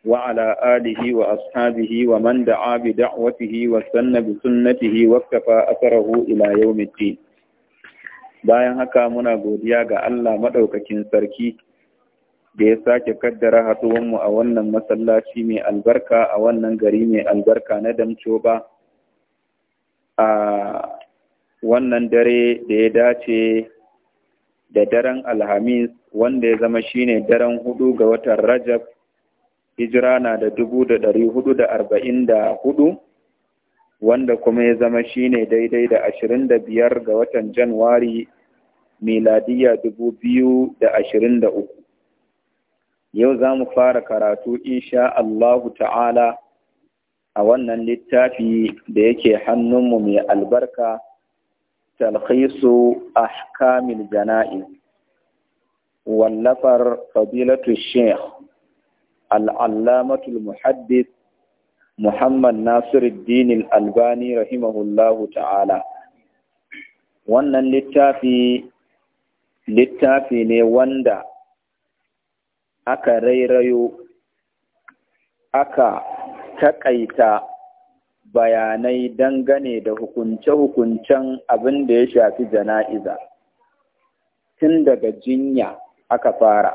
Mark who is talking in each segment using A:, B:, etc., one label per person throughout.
A: وعلى آله وأصحابه ومن دعا بدعوته واستنى بسنته واكتفى أثره إلى يوم الدين bayan haka muna godiya ga Allah maɗaukakin sarki da ya sake kaddara haɗuwanmu a wannan masallaci mai albarka a wannan gari mai albarka na damco ba a wannan dare da ya dace da daren alhamis wanda ya zama shine daren hudu ga watan rajab hijira na da dubu da ɗari hudu da arba'in da hudu wanda kuma ya zama shine daidai da ashirin da biyar ga watan Januwari miladiya dubu biyu da ashirin da uku. Yau za mu fara karatu insha Allahu ta'ala a wannan littafi da yake hannunmu mai albarka talkhisu ahkamil jana'i wallafar fadilatu sheikh al'allamatul muhaddis Muhammad Nasiruddin Albani rahimahullahu ta'ala. Wannan littafi littafi ne wanda aka rairayo aka taƙaita bayanai dangane da hukunce-hukuncen abin da ya shafi jana'iza tun daga jinya aka fara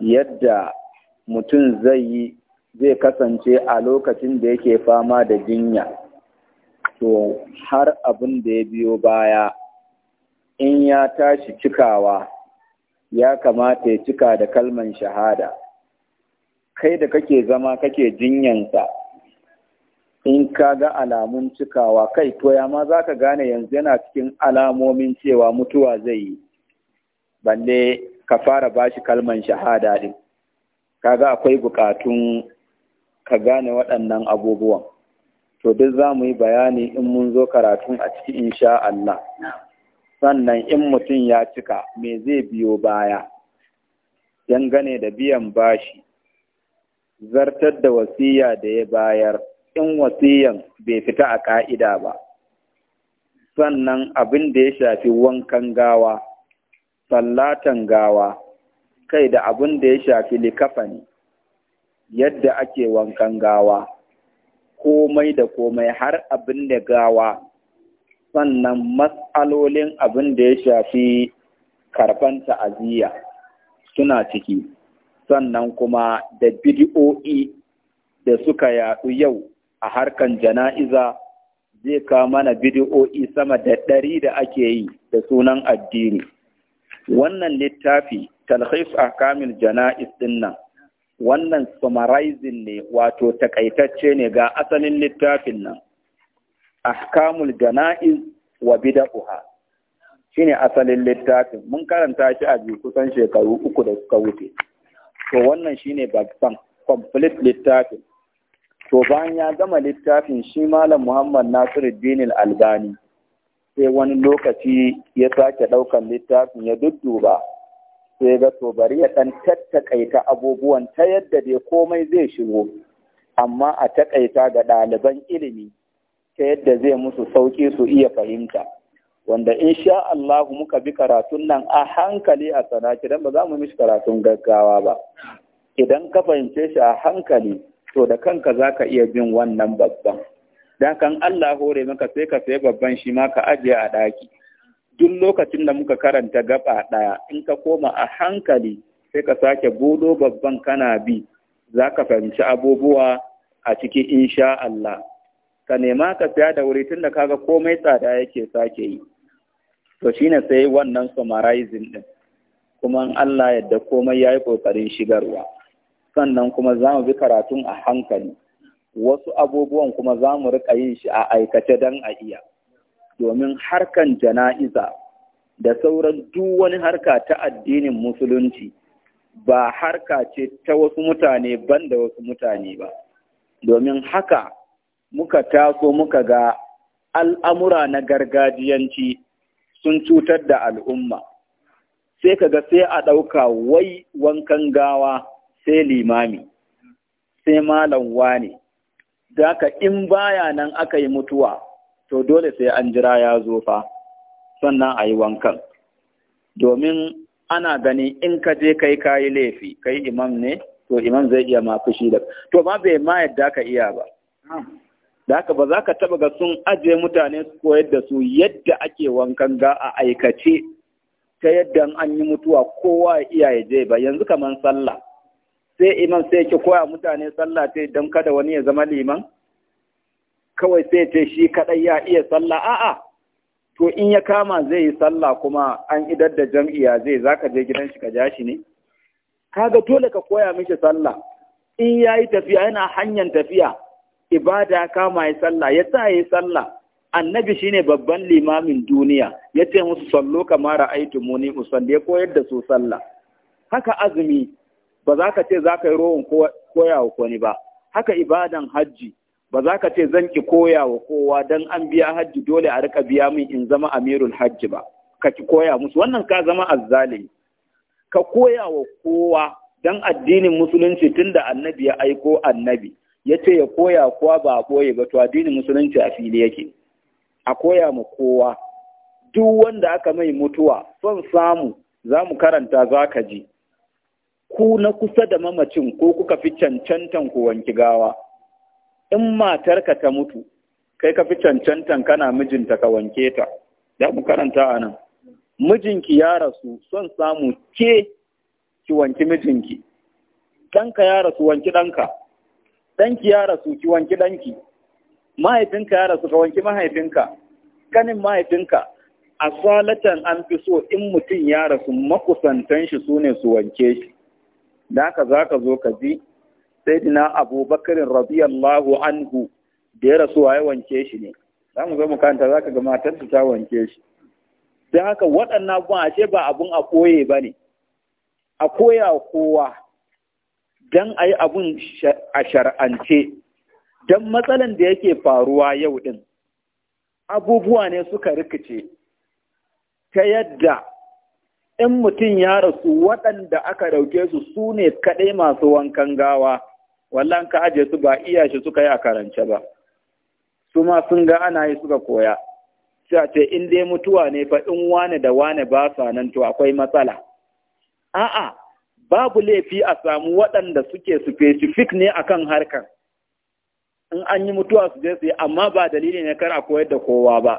A: yadda mutum zai yi zai kasance a lokacin da yake fama da jinya to har abin da ya biyo baya in ya tashi cikawa ya kamata ya cika da kalman shahada kai da kake zama kake jinyansa in ka ga alamun cikawa kai to ya ma za ka gane yanzu yana cikin alamomin cewa mutuwa zai yi balle ka fara bashi kalman shahada din kaga akwai bukatun ka gane waɗannan abubuwan to duk za mu yi bayani in mun zo karatun a ciki insha Allah sannan in mutum ya cika me zai biyo baya gane da biyan bashi zartar da wasiya da ya bayar in wasiyan bai fita a ƙa'ida ba sannan abin da ya shafi wankan gawa sallatan gawa kai da abin da ya shafi likafani yadda ake wankan gawa komai da komai har abin da gawa sannan matsalolin abin da ya shafi karfan ta'aziyya suna ciki sannan kuma da bidiyo'i da suka yaɗu yau a harkan jana'iza zai kawo mana bidiyo'i sama da ɗari da ake yi da sunan addini wannan littafi talhis kamil jana'iz din nan wannan summarizing ne wato takaitacce ne ga asalin littafin nan ahkamul jana'iz wa bid'uha shine asalin littafin mun karanta shi a biyu kusan shekaru uku da suka wuce to wannan shine babban complete littafin to bayan ya gama littafin shi malam Muhammad Nasiruddin Albani sai wani lokaci ya sake daukan littafin ya dudduba sai ga to bari ya ɗan tattakaita abubuwan ta yadda dai komai zai shigo amma a takaita ga ɗaliban ilimi ta yadda zai musu sauƙi su iya fahimta wanda in sha Allah muka bi karatun nan a hankali a sanaki don ba za mu mishi karatun gaggawa ba idan ka fahimce shi a hankali to da kanka za ka iya bin wannan babban dan kan Allah hore maka sai ka sai babban shi ma ka ajiye a ɗaki duk lokacin da muka karanta gaba ɗaya in ka koma a hankali sai ka sake godo babban kana bi za ka fahimci abubuwa a ciki insha Allah ka nema ka siya da wuri tun da kaga komai tsada yake sake yi to shine sai wannan summarizing din kuma Allah yadda komai yayi kokarin shigarwa sannan kuma za mu bi karatun a hankali wasu abubuwan kuma za mu riƙa yin shi a aikace don a iya domin harkan jana'iza da sauran duk wani harka ta addinin musulunci ba harka ce ta wasu mutane ban da wasu mutane ba domin haka muka taso muka ga al'amura na gargajiyanci sun cutar da al'umma sai kaga sai a ɗauka wai wankan gawa sai limami sai malam wane ka in baya nan aka yi mutuwa to dole sai an jira ya zo fa sannan a yi wankan domin ana gani in ka je kai kayi laifi kai imam ne to imam zai iya ma shi da to ma bai ma yadda ka iya ba da haka ba za ka taba ga sun ajiye mutane su koyar da su yadda ake wankan ga a aikace ta yadda an yi mutuwa kowa ya iya ya je ba yanzu kamar sallah sai imam sai ki koya mutane sallah ta don kada wani ya zama liman kawai sai ce shi kaɗai ya iya sallah a'a to in ya kama zai yi sallah kuma an idar da jam'iya zai zaka je gidan shi ka ja shi ne Ka ga dole ka koya mishi sallah in ya yi tafiya yana hanyar tafiya ibada ya kama yi sallah ya sa ya yi sallah annabi shine babban limamin duniya ya ce musu sallo kama ra'aitu muni musalli ya koyar da su sallah haka azumi ba za ka ce za ka yi rohon koya wa ba haka ibadan hajji ba za ka ce zan ki koya wa kowa don an biya hajji dole a rika biya min in zama amirul hajji ba ka ki koya musu wannan ka zama azzalimi ka koya wa kowa don addinin musulunci tunda annabi ya aiko annabi ya ce ya koya kowa ba a ɓoye ba to addinin musulunci a fili yake a koya ma kowa duk wanda aka mai mutuwa son samu za mu karanta za ka ji ku na kusa da mamacin ko kuka fi cancantan ku wanki gawa in matarka ta mutu kai ka fi cancantan kana mijinta ka wanke ta da mu karanta a nan mijinki ya rasu son samu ke ki wanki mijinki ɗanka ya rasu wanki ɗanka ɗanki ya rasu ki wanki ɗanki mahaifinka ya rasu ka wanki mahaifinka Ganin mahaifinka a salatan an fi so in mutum ya rasu makusantan shi su ne su wanke shi da haka za ka zo ka ji sayyidina abubakar radiyallahu anhu da ya rasu ya wanke shi ne za mu zo mu kanta za ka ga matarsa ta wanke shi sai haka waɗannan abun ce ba abun a koye ba ne a koya kowa don ayi abun a shar'ance don matsalan da yake faruwa yau ɗin abubuwa ne suka rikice ta yadda in mutum ya rasu waɗanda aka dauke su su ne kaɗai masu wankan gawa wallan ka aje su ba iya shi suka yi a karance ba su ma sun ga ana yi suka koya sai a ce in dai mutuwa ne fa in wane da wane ba sa nan to akwai matsala a'a babu laifi a samu waɗanda suke specific ne akan harkar in an yi mutuwa su je su amma ba dalili ne kar a koyar da kowa ba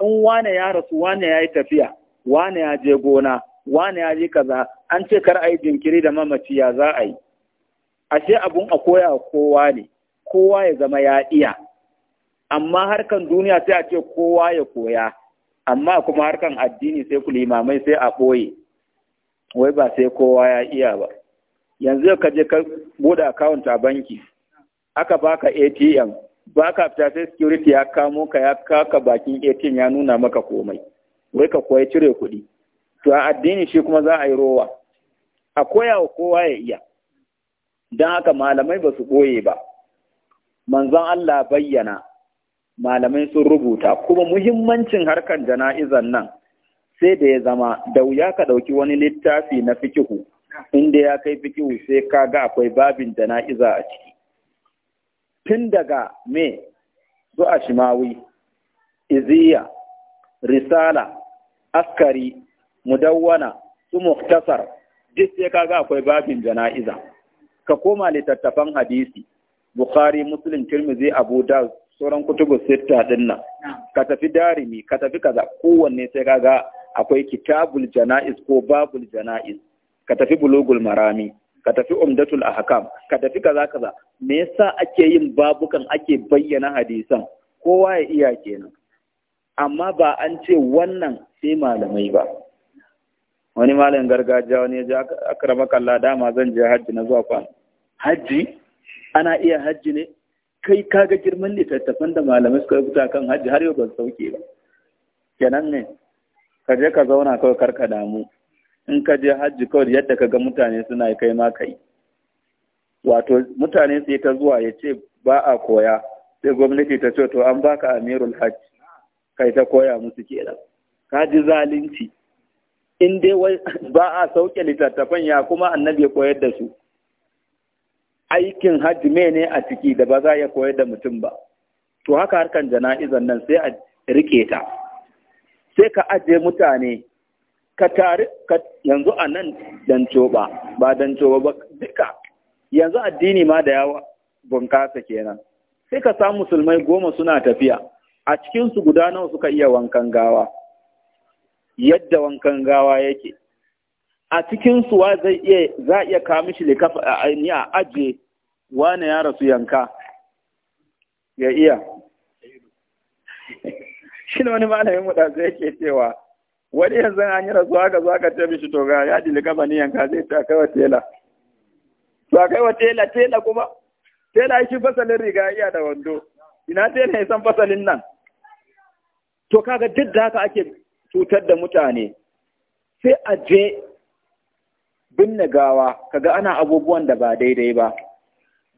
A: in wane ya rasu wane ya yi tafiya wane ya je gona wane ya yi kaza an ce kar a yi jinkiri da mamaci ya za a yi ashe abun a koya kowa ne kowa ya zama ya iya amma harkan duniya sai a ce kowa ya koya amma kuma harkan addini sai ku limamai sai a ɓoye wai ba sai kowa ya iya ba yanzu ka je ka buɗe akawunt a banki aka baka atm baka fita sai security ya kamo ka ya kaka bakin atm ya nuna maka komai wai ka koya cire kuɗi to a addini shi kuma za a yi rowa a koya wa kowa ya iya don haka malamai ba su ɓoye ba manzon Allah bayyana malamai sun rubuta kuma muhimmancin harkar jana'izan nan sai da ya zama da wuya ka ɗauki wani littafi na fikihu inda ya kai fikihu sai ka ga akwai babin jana'iza a ciki tun daga me zuwa Shimawi, iziya risala askari mudawwana su muktasar duk sai ka ga akwai babin jana'iza ka koma littattafan hadisi bukhari muslim tirmidhi abu dawud sauran kutubu sitta din nan ka tafi darimi ka tafi kaza kowanne sai kaga akwai kitabul janaiz ko babul janaiz ka tafi bulugul marami ka tafi umdatul ahkam ka tafi kaza kaza me yasa ake yin babukan ake bayyana hadisan kowa ya iya kenan amma ba an ce wannan sai malamai ba wani malin gargajiya wani ya ji akrama kalla dama zan je hajji na zuwa kwana hajji ana iya hajji ne kai kaga girman littattafan da malamai suka rubuta kan hajji har yau ban sauke ba kenan ne ka je ka zauna kawai ka damu in ka je hajji kawai yadda ka ga mutane suna yi kai ma kai wato mutane sai ta zuwa ya ce ba a koya sai gwamnati ta ce to an baka amirul hajji kai ta koya musu kenan ka ji zalunci in dai ba a sauke littattafan ya kuma annabi ya koyar da su aikin hajji ne a ciki da ba za ya koyar da mutum ba to haka harkan jana'izan nan sai a rike ta sai ka aje mutane ka tare yanzu a nan danco ba ba ba duka yanzu addini ma da yawa bunkasa kenan sai ka samu musulmai goma suna tafiya a cikinsu guda nawa suka iya wankan gawa yadda wankan gawa yake a cikin suwa zai iya za iya kawo mishi likafa ni a aje Wani ya rasu yanka ya iya shi wani malamin mu zai ke cewa wani yanzu an yi rasuwa ga zuwa ka ce mishi to ga ya likafa ni yanka zai ta kai wa tela to a kai wa tela tela kuma tela shi fasalin riga iya da wando ina tela ya san fasalin nan to kaga duk da haka ake cutar da mutane sai a je binne gawa kaga ana abubuwan da ba daidai ba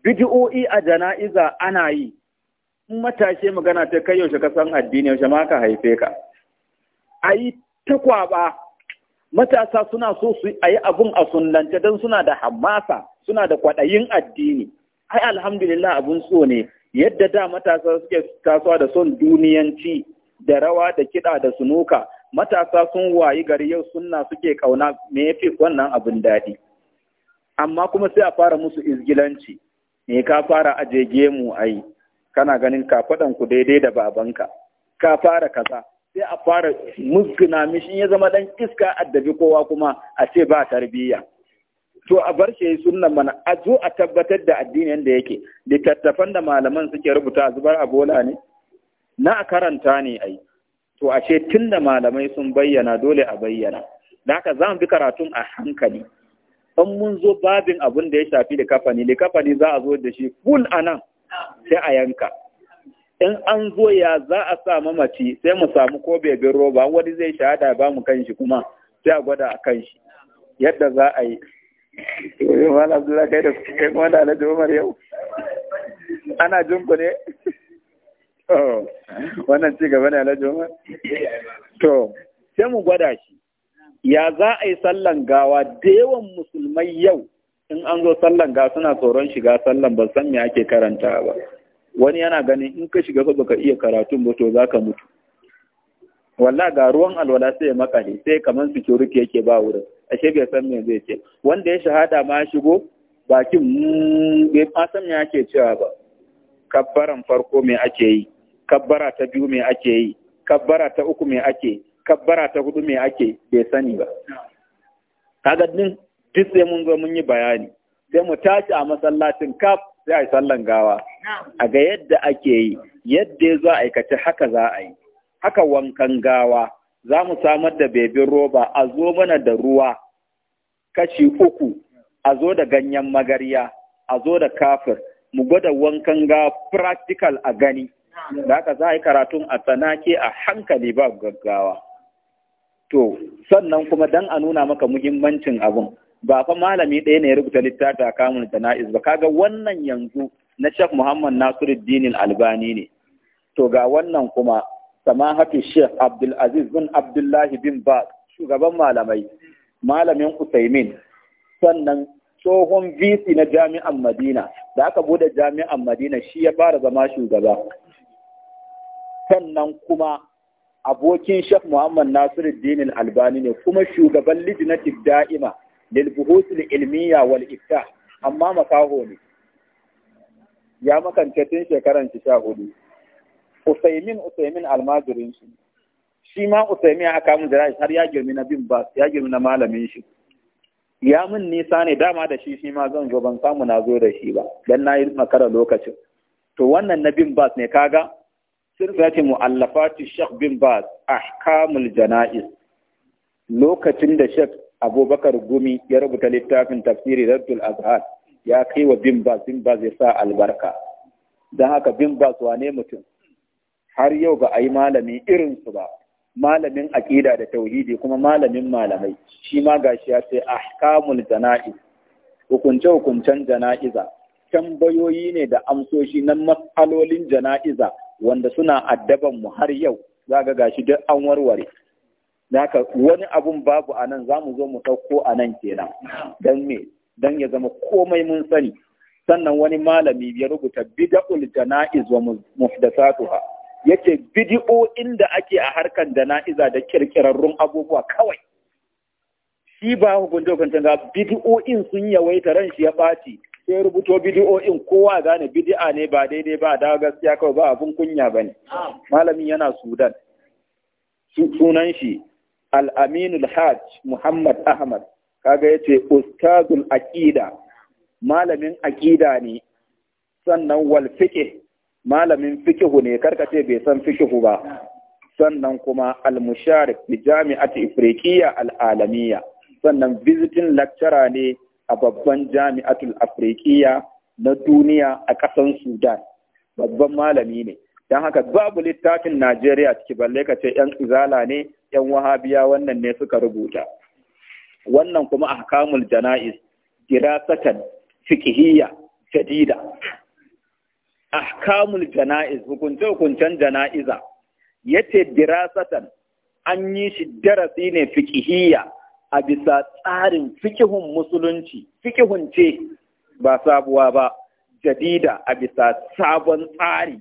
A: bidi'o'i a jana'iza ana yi in matashe magana ta kai yaushe ka san addini yaushe ma ka haife ka a yi ta matasa suna so su a yi abun a sunnance don suna da hamasa suna da kwaɗayin addini ai alhamdulillah abun so ne yadda da matasa suke kasuwa da son duniyanci da rawa da kiɗa da sunuka matasa sun wayi gari yau sunna suke kauna me yafi wannan abin daɗi amma kuma sai a fara musu izgilanci me ka fara aje gemu ai kana ganin kafaɗan ku daidai da babanka ka fara kaza sai a fara musguna mishi ya zama ɗan iska addabi kowa kuma a ce ba tarbiyya to a bar shi sunnan mana a zo a tabbatar da addinin da yake littattafan da malaman suke rubuta zubar a bola ne na a karanta ne ai to ashe tun da malamai sun bayyana dole a bayyana da haka za mu bi karatun a hankali in mun zo babin abin da ya shafi da kafani da kafani za a zo da shi full anan sai a yanka in an zo ya za a sa mamaci sai mu samu ko bebin roba wani zai shahada ba mu kan kuma sai a gwada a kan shi yadda za a yi Wala Abdullahi kai da kuma da Alhaji Umar yau. Ana jin ku ne? Oh. wannan ci gaba ne alhaji umar to sai mu gwada shi ya za a yi sallan gawa da yawan musulmai yau in an zo sallan gawa suna tsoron shiga sallan ba san me ake karanta ba wani yana ganin in ka shiga baka iya karatun ba to zaka mutu walla ga ruwan alwala sai ya makale sai kamar security yake ba wurin ashe bai san me zai ce wanda ya shahada ma shigo bakin mm, bai ma san me ake cewa ba kabbaran farko me ake yi kabbara ta biyu me ake yi kabbara ta uku me ake kabbara ta hudu me ake bai sani ba kaga din duk sai mun zo mun yi bayani sai mu tashi a masallacin kaf sai a yi sallan gawa a ga yadda ake yi yadda ya zo haka za a yi haka wankan gawa za mu samar da bebin roba a zo mana da ruwa kashi uku a zo da ganyen magarya a zo da kafir mu gwada wankan gawa practical a gani da aka za a yi karatun a tsanake a hankali ba gaggawa to sannan kuma don a nuna maka muhimmancin abin ba fa malami ɗaya ne ya rubuta littafi a kamun jana'iz ba kaga wannan yanzu na Sheikh Muhammad Nasiruddin Albani ne to ga wannan kuma samahatu Sheikh Abdul bin Abdullahi bin Ba shugaban malamai malamin Usaimin sannan tsohon VC na jami'an Madina da aka bude jami'an Madina shi ya fara zama shugaba sannan kuma abokin Sheikh Muhammad Nasiruddin Albani ne kuma shugaban Lijnati Da'ima lil Buhuthil Ilmiya wal Ifta amma makaho ne ya makance tun shekaran shi sha hudu Usaimin Usaimin shi shi ma Usaimin aka mun jira har ya girmi na bin ba ya girmi na malamin shi ya mun nisa ne dama da shi shi ma zan zo ban samu na zo da shi ba dan nayi makara lokacin to wannan na bin bas ne kaga sirrati mu'allafatu Sheikh bin Baz ahkamul jana'iz lokacin da Sheikh Abubakar Gumi ya rubuta littafin tafsiri Raddul Azhar ya kai wa bin Baz bin Baz ya sa albarka dan haka bin Baz wane mutum har yau ba a yi malami irin su ba malamin aƙida da tauhidi kuma malamin malamai shi ma gashi ya ce ahkamul jana'iz hukunce hukuncen jana'iza tambayoyi ne da amsoshi na matsalolin jana'iza wanda suna addaban mu har yau za ga gashi duk an warware haka wani abun babu a nan za mu zo mu ɗauko a nan kenan don me don ya zama komai mun sani sannan wani malami ya rubuta bid'ul jana'iz wa muhdathatuha yace bid'o inda ake a harkan jana'iza da kirkirarrun abubuwa kawai shi ba hukunta hukunta ga in sun yawaita ran shi ya ɓaci sai rubuto in kowa gane bidi'a ne ba daidai ba da gaskiya kawai ba abin kunya ba ne malamin yana sudan sunan shi Al'aminu hajj muhammad ahmad kaga ya ce ustazul aƙida malamin aƙida ne sannan wal fiƙe malamin fikihu ne karkace bai san fikihu ba sannan kuma al-musharif bi ifrikiya ifriqiya al sannan visiting lecturer ne a babban jami'atul afrikiya na duniya a ƙasan sudan babban malami ne don haka babu littafin najeriya ciki balle ka ce yan izala ne yan wahabiya wannan ne suka rubuta wannan kuma ahkamul jana'is girasatan fikihiyya, jadida ahkamul jana'iz hukunce hukuncen jana'iza yace dirasatan an yi shi darasi ne fikihiyya. a bisa tsarin fikihun musulunci, fikihun ce ba sabuwa ba, jadida a bisa sabon tsari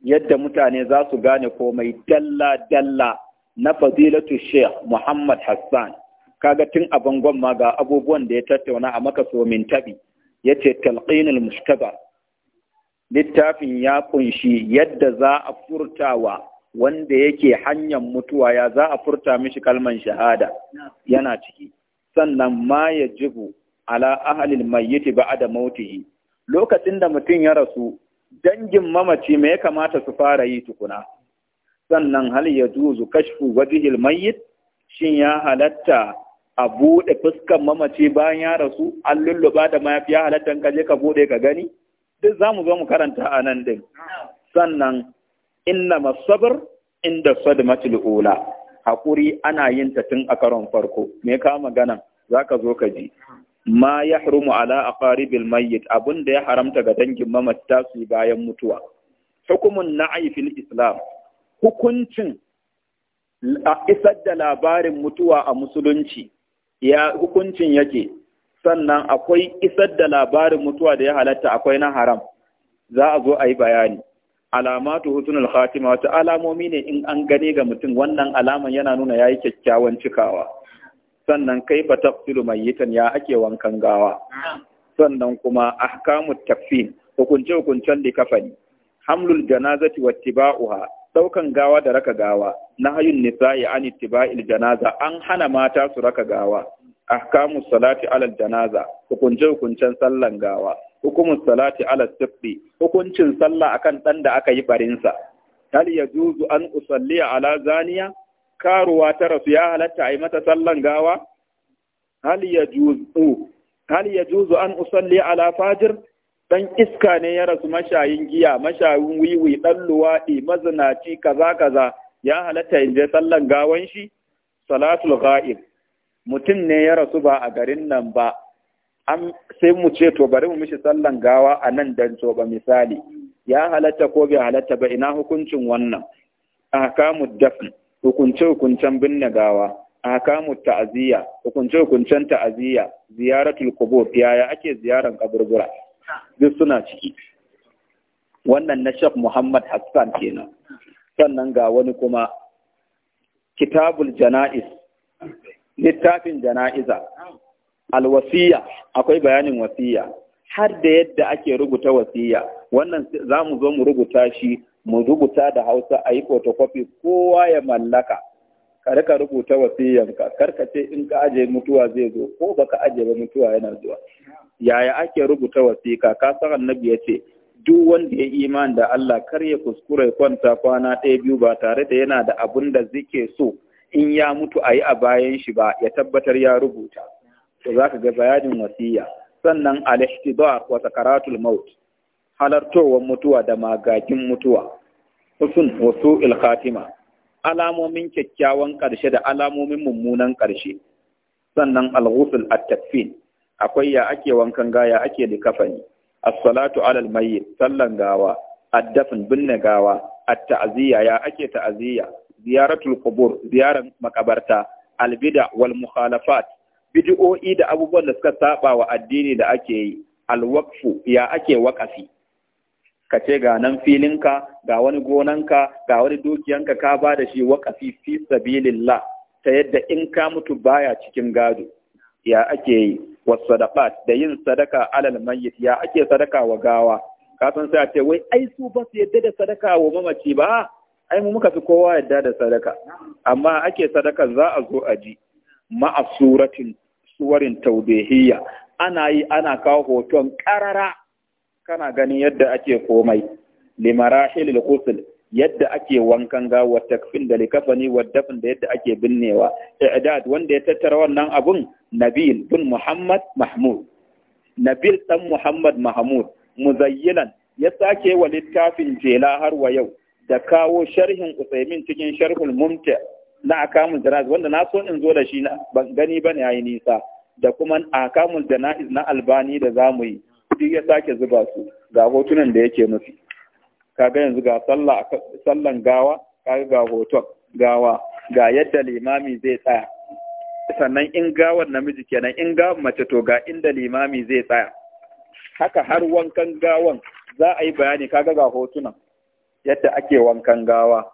A: yadda mutane za su gane komai dalla-dalla na fazilatu Sheikh Muhammad Hassan. Kaga tun a bangon ma ga abubuwan da ya tattauna a maka min tabi, ya ce talqinul mushtaba Littafin ya kunshi yadda za a furtawa wanda yake hanyar mutuwa ya za a furta mishi kalman shahada yana ciki sannan ma ya jibu ala ahalil mayyiti da mautihi lokacin da mutum ya rasu dangin mamaci me ya kamata su fara yi tukuna sannan hal ya juzu kashfu wajhil mayyit shin ya halatta a buɗe fuskan mamaci bayan ya rasu an lulluba da mayafi ya halatta ka ka buɗe ka gani duk za mu zo mu karanta a nan din sannan inna masabar inda sadmatul ula hakuri ana yin ta tun a karon farko me ka magana zaka zo ka ji ma yahrumu ala aqaribil mayyit da ya haramta ga dangin mamata su bayan mutuwa hukumun na islam hukuncin a isar da labarin mutuwa a musulunci ya hukuncin yake sannan akwai isar da labarin mutuwa da ya halatta akwai na haram za a zo a yi bayani alamatu husnul khatima wata alamomi ne in an gane ga mutum wannan alaman yana nuna ya yi kyakkyawan cikawa sannan kaifa mai mayyitan ya ake wankan gawa sannan kuma Ahkamu takfin hukunce hukuncen da kafani hamlul janazati wattiba'uha daukan gawa da raka gawa Na nisa nisa'i an Tibail janaza an hana mata su raka gawa Ahkamu salati alal janaza hukunce hukuncen sallan gawa hukumun salati ala sifri hukuncin sallah akan ɗan da aka yi barinsa hal ya juzu an usalliya ala zaniya karuwa ta rasu ya halatta a yi mata sallan gawa hal ya juzu hal ya juzu an usalliya ala fajir dan iska ne ya rasu mashayin giya mashayin wiwi dan luwaɗi mazinaci kaza kaza ya halatta in je sallan gawan shi salatul ghaib mutum ne ya rasu ba a garin nan ba sai mu ce to bari mu mishi sallan gawa a nan dan to ba misali ya halatta ko bai halatta ba ina hukuncin wannan ahkamu dafn hukunce hukuncen binne gawa ahkamu ta'ziya hukunce hukuncen ta'ziya ziyaratul qubur yaya ake ziyaran kaburbura duk suna ciki wannan na Sheikh Muhammad Hassan kenan sannan ga wani kuma kitabul janaiz littafin janaiza alwasiya akwai bayanin wasiya har da yadda ake rubuta wasiya wannan za mu zo mu rubuta shi mu rubuta da hausa a yi photocopy kowa ya mallaka ka rika rubuta wasiyanka karka ce in ka aje mutuwa zai zo ko baka aje ba mutuwa yana zuwa yaya ake rubuta wasika ka san annabi yace duk wanda ya imani da Allah kar ya kuskure kwanta kwana ɗaya biyu ba tare da yana da abun da zike so in ya mutu a yi a bayan shi ba ya tabbatar ya rubuta to za ka ga bayanin wasiya sannan al-ihtidar wa sakaratul maut halartowar mutuwa da magakin mutuwa husn wasu'il khatima alamomin kyakkyawan ƙarshe da alamomin mummunan ƙarshe sannan al-ghusl at-takfin akwai ya ake wankan gaya ake likafani as-salatu alal mayyit sallan gawa ad-dafn binne gawa at-ta'ziya ya ake ta'ziya ziyaratul qubur ziyaran makabarta albida bida wal mukhalafat bidi'o'i da abubuwan da suka saba wa addini da ake yi alwakfu ya ake wakafi ka ce ga nan filinka ga wani gonanka ga wani dukiyanka ka ba da shi wakafi fi sabilillah ta yadda in ka mutu baya cikin gado ya ake yi wasadaqat da yin sadaka alal mayyit ya ake sadaka wa gawa ka san sai a ce wai ai su ba su yadda da sadaka wa mamaci ba ai mu muka fi kowa yadda da sadaka amma ake sadaka za a zo a ji ma'a suwarin taubehiyya ana yi ana kawo hoton ƙarara kana ganin yadda ake komai limarahilil ghusl yadda ake wankan gawar takfin da likafani wa da yadda ake binnewa i'dad wanda ya tattara wannan abun nabil bin muhammad mahmud nabil ɗan muhammad mahmud muzayyilan ya sake wa littafin jela har wa yau da kawo sharhin usaimin cikin sharhul mumta na akamul janaz wanda na so in zo da shi ban gani bane yayi nisa da kuma akamul janaz na albani da zamu yi duk ya sake zuba su ga hotunan da yake nufi kaga yanzu ga sallah sallan gawa kaga ga hoton gawa ga yadda limami zai tsaya sannan in gawar namiji kenan in gawar mace to ga inda limami zai tsaya haka har wankan gawan za a yi bayani kaga ga hotunan yadda ake wankan gawa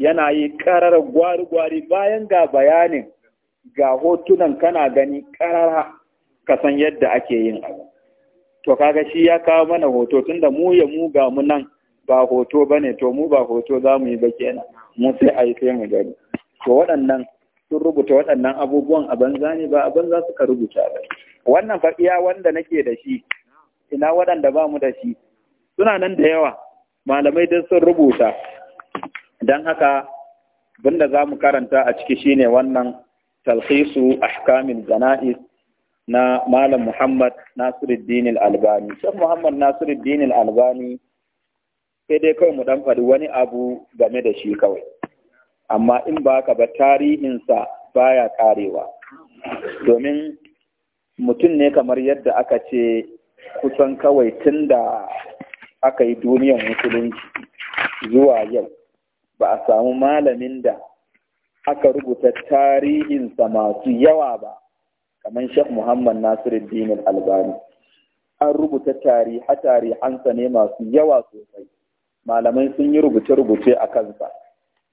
A: yana yi karar gwari-gwari bayan ga bayanin ga hotunan kana gani karara ka san yadda ake yin abu to kaga shi ya kawo mana hoto tunda mu ya mu ga mu nan ba hoto ba ne, to mu ba hoto za mu yi ba kenan mu sai a yi sai mu gani to waɗannan sun rubuta waɗannan abubuwan a banza ne ba a banza suka rubuta ba wannan faɗiya wanda nake da shi ina waɗanda ba mu da shi suna nan da yawa malamai duk sun rubuta don haka bunda za mu karanta a ciki shine wannan talhisu ahkamin jana'iz na malam muhammad nasiruddin al-albani shan muhammad nasiruddin albani sai dai kawai mu dan faɗi wani abu game da shi kawai amma in ba ka ba tarihinsa baya karewa domin mutum ne kamar yadda aka ce kusan kawai tun da aka yi duniyar musulunci zuwa yau ba a samu malamin da aka rubuta tarihinsa masu yawa ba kamar Sheikh Muhammad Nasiruddin Al-Albani an rubuta tariha tarihansa ne masu yawa sosai malamai sun yi rubuce-rubuce a kansa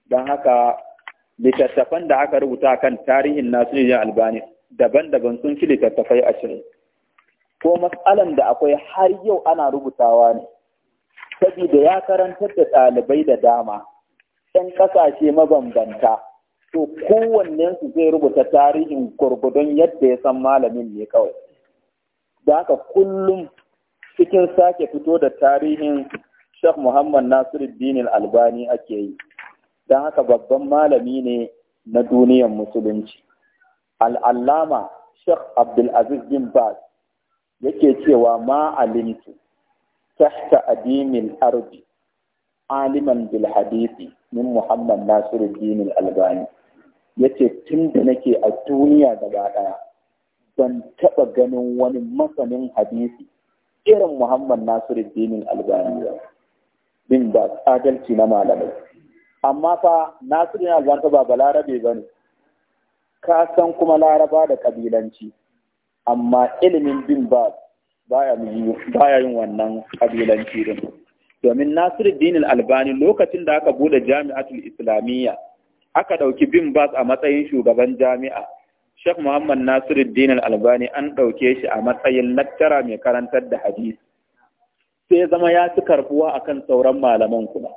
A: don haka littattafan da aka rubuta kan tarihin Nasiruddin Albani daban-daban sun fi littattafai ashirin ko matsalan da akwai har yau ana rubutawa ne saboda ya karantar da ɗalibai da dama 'yan ƙasashe mabambanta to kowanne su zai rubuta tarihin gwargwadon yadda ya san malamin ne kawai da haka kullum cikin sake fito da tarihin Sheikh Muhammad Nasiruddin Albani ake yi don haka babban malami ne na duniyar musulunci al'allama Sheikh Abdulaziz bin Baz yake cewa ma alimtu tahta adimin ardi aliman bil hadisi min Muhammad Nasiru Al-Albani yace tun da nake a duniya gaba ɗaya, ban taba ganin wani masanin hadisi irin Muhammad Nasiru Al-Albani ba bin ba adalci na malamai amma fa Nasiru Al-Albani ba balarabe bane ka san kuma laraba da kabilanci amma ilimin bin ba baya yin wannan kabilanci din domin Nasiruddin Albani lokacin da aka bude Jami'atul Islamiyya aka ɗauki bin Bas a matsayin shugaban jami'a Sheikh Muhammad Nasiruddin Albani an ɗauke shi a matsayin lecturer mai karantar da hadisi sai zama ya ci karbuwa akan sauran malaman kuma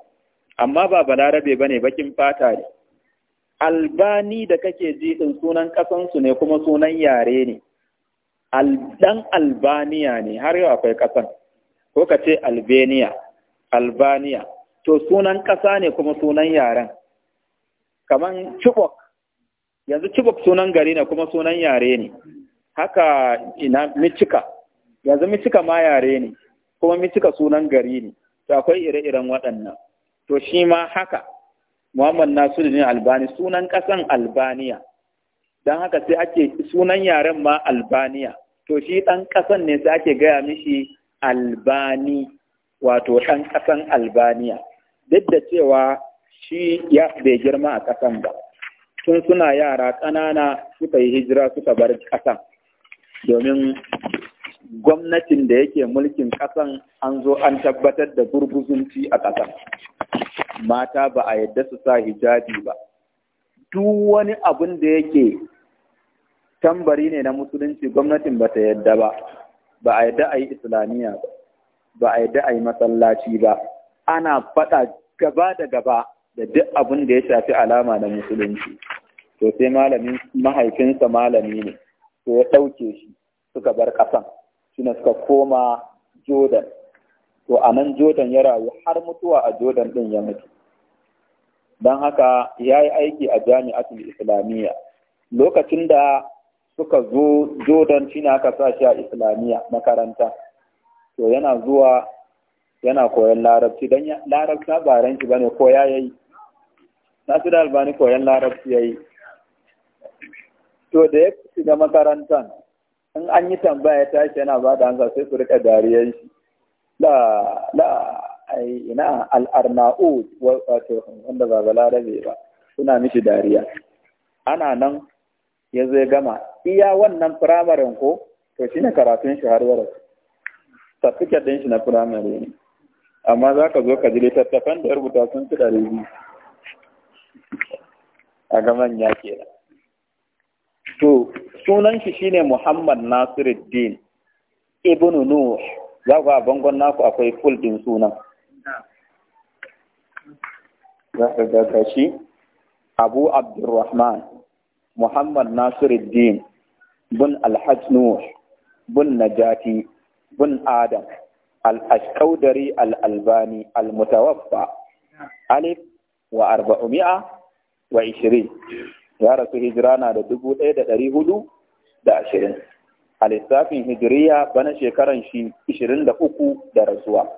A: amma ba balarabe bane bakin fata ne Albani da kake ji din sunan ƙasansu ne kuma sunan yare ne dan Albaniya ne har yau akwai kasan ko ka ce Albania albania to sunan ƙasa ne kuma sunan yaren Kamar chibok yanzu chibok sunan gari ne kuma sunan yare ne haka ina michika yanzu michika ma yare ne kuma michika sunan gari ne to akwai ire-iren waɗannan to shi ma haka muhammad nasiru ne albani sunan ƙasan albaniya don haka sai ake sunan yaren ma albaniya to shi ɗan ƙasan ne sai ake gaya mishi albani wato ɗan ƙasan Albaniya, duk da cewa shi ya bai girma a ƙasan ba. Tun suna yara ƙanana suka yi hijira suka bar ƙasan, domin gwamnatin da yake mulkin ƙasan an zo an tabbatar da gurguzunci a ƙasan. Mata ba a yadda su sa hijabi ba. Duk wani abin da yake tambari ne na musulunci gwamnatin ba ta yadda ba, ba a yadda a yi islamiyya ba. ba a yadda a yi masallaci ba ana faɗa gaba da gaba da duk abin da ya shafi alama na musulunci to sai malamin mahaifinsa malami ne to ya ɗauke shi suka bar ƙasan shine suka koma jordan to a nan jordan ya rayu har mutuwa a jordan ɗin ya mutu don haka ya yi aiki a jami'atul islamiyya lokacin da suka zo jordan shine aka sa shi a islamiyya makaranta to yana zuwa yana koyon larabci don larabci ba ranci ba ne ko ya yi nasu da albani koyon larabci ya yi to da ya fi shiga makarantar in an yi tambaya ya tashi yana ba da hansa sai su rika dariyar shi la la ina al'arna'u wato wanda ba ba larabe ba suna mishi dariya ana nan ya zai gama iya wannan firamarin ko to shi ne karatun shi har yara certificate ɗin shi na firamare ne amma za ka zo ka ji littattafan da rubuta sun fi ɗari biyu a ga ya ke. to sunan shi shine Muhammad Nasiruddin Ibnu Nuh za ku a bangon naku akwai full din sunan za ka ga shi Abu Abdurrahman Muhammad Nasiruddin bin Alhaj Nuh bin Najati bin Adam al-Ashkaudari al-Albani al-Mutawaffa alif wa arba'umi'a wa ishirin ya rasu hijira na da dubu ɗaya da ɗari hudu da ashirin a lissafin hijiriya bana shekaran shi ishirin da uku da rasuwa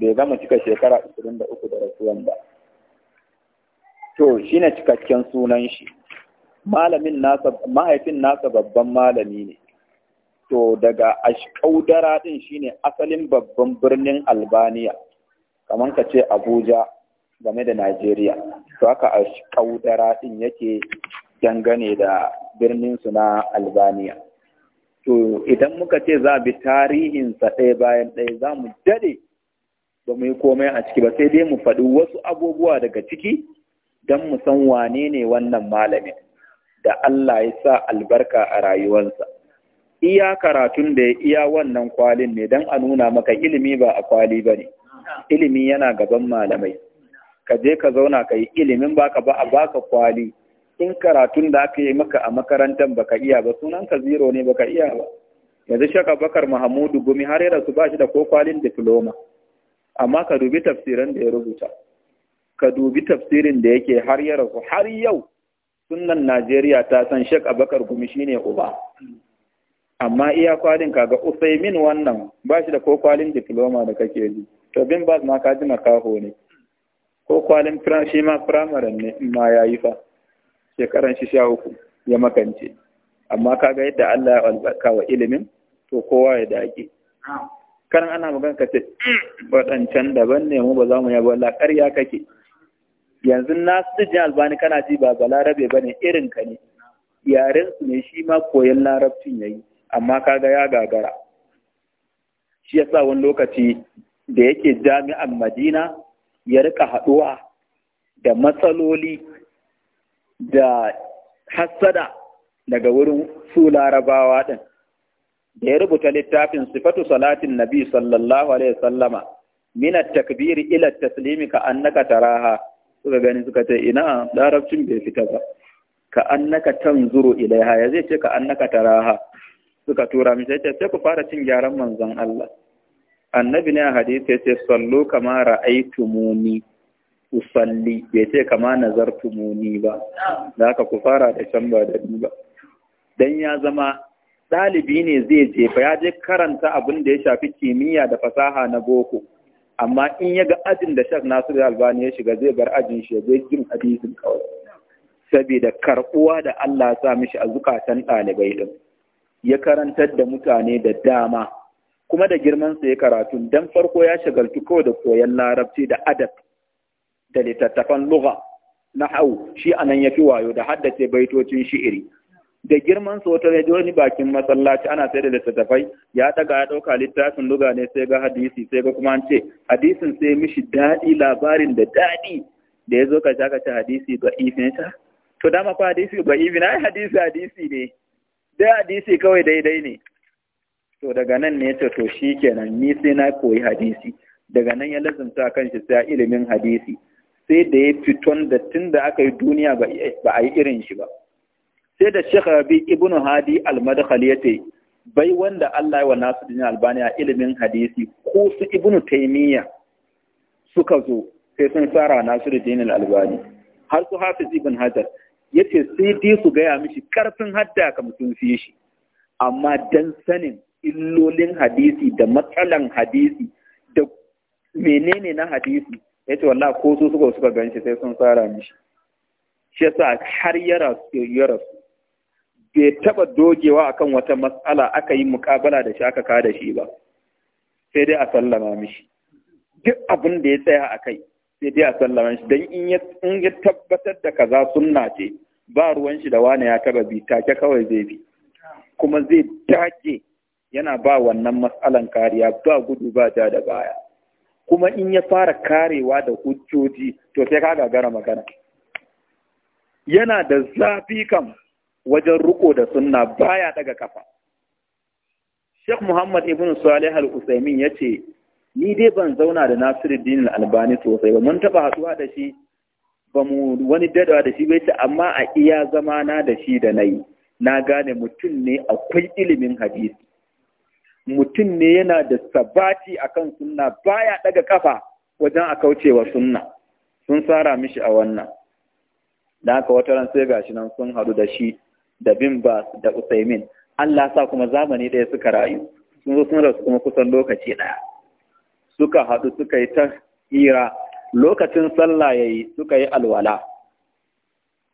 A: bai gama cika shekara ishirin da uku da rasuwan ba to shi ne cikakken sunan shi malamin nasa mahaifin nasa babban malami ne to daga ashkaudara din shine asalin babban birnin albaniya kamar ka ce abuja game da najeriya to haka ashkaudara din yake dangane da birnin su na albaniya to idan muka ce za bi tarihinsa ɗaya bayan ɗaya za mu dade ba mu yi komai a ciki ba sai dai mu faɗi wasu abubuwa daga ciki don mu san wane ne wannan malamin da Allah ya sa albarka a rayuwarsa iya karatun da iya wannan kwalin ne don a nuna maka ilimi ba a kwali ba ne ilimi yana gaban malamai ka je ka zauna ka yi ilimin ba ka ba a ba ka kwali in karatun da aka yi maka a makarantar ba ka iya ba sunan ka zero ne ka iya ba yanzu shaka bakar mahamudu gumi har ya su ba shi da ko kwalin diploma amma ka dubi tafsirin da ya rubuta ka dubi tafsirin da yake har ya rasu har yau sunan najeriya ta san shaka bakar gumi shine uba amma iya kwalin kaga usaimin wannan ba shi da ko kwalin diploma da kake ji to bin ba ma ka ji makaho ne ko kwalin shi ma firamaren ne in ma ya yi fa shekaran shi sha uku ya makance amma kaga yadda Allah ya albarka wa ilimin to kowa ya dage karan ana magan ka ce hmm, wadancan daban ne mu ba za mu yabo Allah ƙarya kake yanzu na su albani kana ji ba balarabe bane, irin ka ne yaren su ne shi ma koyon larabcin ya yi amma kaga ya gagara shi ya sa wani lokaci da yake jami'an madina ya rika haɗuwa da matsaloli da hassada daga wurin su larabawa ɗin da ya rubuta littafin sifatu salatin nabi sallallahu alaihi sallama mina takbiri ila taslimi ka annaka taraha suka gani suka ce ina larabcin bai fita ba ka annaka tanzuru ilaiha ya zai ce ka annaka taraha suka tura mishi ce sai ku fara cin gyaran manzon Allah annabi ne a hadisi ce sallu kama ku usalli bai ce kama muni ba da haka ku fara da can ba da ni ba dan ya zama ɗalibi ne zai je fa ya je karanta abin da ya shafi kimiyya da fasaha na boko amma in ya ga ajin da nasu Nasiru Albani ya shiga zai bar ajin shi zai jin hadisin kawai saboda karbuwa da Allah ya sa mishi a zukatan ɗalibai din ya karantar da mutane da dama kuma da girmansa ya karatu don farko ya shagaltu kawai da koyon larabci da adab da littattafan lugha na hau shi a nan ya fi wayo da haddace baitocin shi'iri da girman wata rediyo ni bakin masallaci ana sai da littattafai ya daga ya ɗauka littafin luga ne sai ga hadisi sai ga kuma an ce hadisin sai mishi daɗi labarin da daɗi da ya zo ka sha ci hadisi ga ifin to dama kwa hadisi ga ifin ai hadisi hadisi ne sai hadisi kawai daidai ne to daga nan ne ce to shi kenan ni sai na koyi hadisi daga nan ya kan shi sai ilimin hadisi sai da ya fiton da tun da aka yi duniya ba a yi irin shi ba sai da shi Rabi Ibn Hadi Al-Madkhali yace bai wanda Allah ya wa Nasiruddin Albani a ilimin hadisi ko su Ibn Taymiyyah suka zo sai sun fara Nasiruddin Albani har su Hafiz Ibn Hajar ya ce sai dai su gaya mishi karfin hadda ka sun fi shi amma dan sanin illolin hadisi da matsalan hadisi da menene na hadisi ya ce wallah ko su suka suka gan shi sai sun tsara mishi shi yasa har ya rasu bai taba dogewa akan wata matsala aka yi mukabala da shi aka kada shi ba sai dai a sallama mishi duk abin da ya tsaya a kai sai dai a sallama shi dan in ya in ya tabbatar da kaza sunna ce ba ruwan shi da wani ya taba bi take kawai zai bi kuma zai take yana ba wannan matsalan kariya ba gudu ba ja da baya kuma in ya fara karewa da hujjoji to sai ka gagara magana yana da zafi kam wajen riko da sunna baya daga kafa Sheikh Muhammad ibn Salih al-Usaimin yace ni dai ban zauna da Nasiru Nasiruddin Albani sosai ba mun taba haɗuwa da shi ba mu wani dadawa da shi bai ce amma a iya zama na da shi da nayi na gane mutum ne akwai ilimin hadisi mutum ne yana da sabati akan sunna baya daga kafa wajen a kaucewa sunna sun tsara mishi a wannan da aka wata ran sai gashi nan sun hadu da shi da bin ba da usaimin Allah sa kuma zamani ɗaya suka rayu sun zo sun rasu kuma kusan lokaci ɗaya suka haɗu suka yi ta hira lokacin sallah ya yi suka yi alwala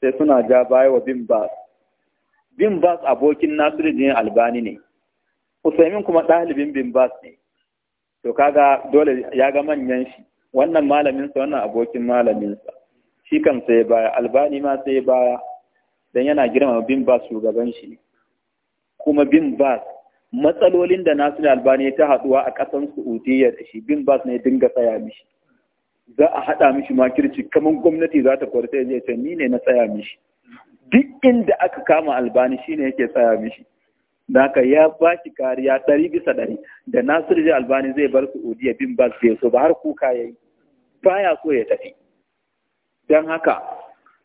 A: sai suna ja baya wa bin bas bin bas abokin Nasiru jini albani ne usaimin kuma ɗalibin bin bas ne to kaga dole ya ga manyan shi wannan malaminsa wannan abokin malaminsa shi kan sai baya albani ma sai baya don yana girma bin bas shugaban shi kuma bin bas matsalolin da Nasir Albani ta haduwa a kasan Saudiya da shi bin bas ne dinga tsaya mishi za a hada mishi kirci, kamar gwamnati za ta kwarta ya ce ni ne na tsaya mishi duk inda aka kama Albani shine yake tsaya mishi haka ya ba shi kariya ɗari bisa ɗari da Nasiru da Albani zai bar Saudiya bin bas bai so ba har kuka ya yi baya so ya tafi. Don haka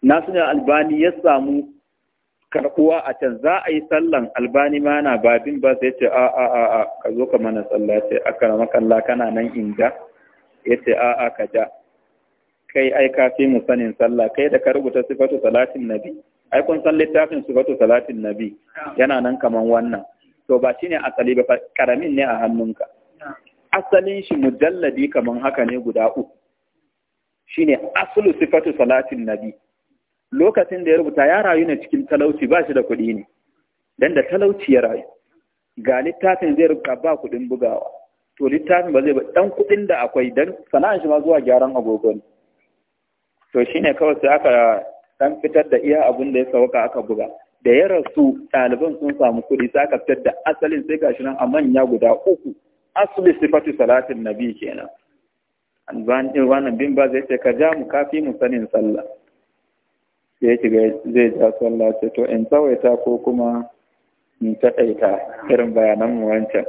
A: Nasiru Albani ya samu karɓuwa a can za a yi sallan albani ma na babin ba sai ce a a a ka zo ka mana sallah ce aka rama makalla kana nan inda ya ce a a ka ja kai ai ka fi mu sanin sallah kai da ka rubuta sifatu salatin nabi ai kun san littafin sifatu salatin nabi yana nan kaman wannan to ba shi ne asali ba karamin ne a hannunka asalin shi mujalladi kaman haka ne guda uku shine aslu sifatu salatin nabi lokacin da ya rubuta ya rayu ne cikin talauci ba shi da kuɗi ne don da talauci ya rayu ga littafin zai rubuta ba kuɗin bugawa to littafin ba zai ba dan kuɗin da akwai dan sana'a shi ma zuwa gyaran agogon to shine kawai sai aka ɗan fitar da iya abun da ya sauka aka buga da ya rasu ɗaliban sun samu kuɗi sai aka fitar da asalin sai gashi nan a manya guda uku asali sifatu salatin nabi kenan wannan bin ba zai ce ka ja mu kafi mu sanin sallah sai ga zai ja sallah ce to in tsawaita ko kuma in taɗaita irin bayanan mu wancan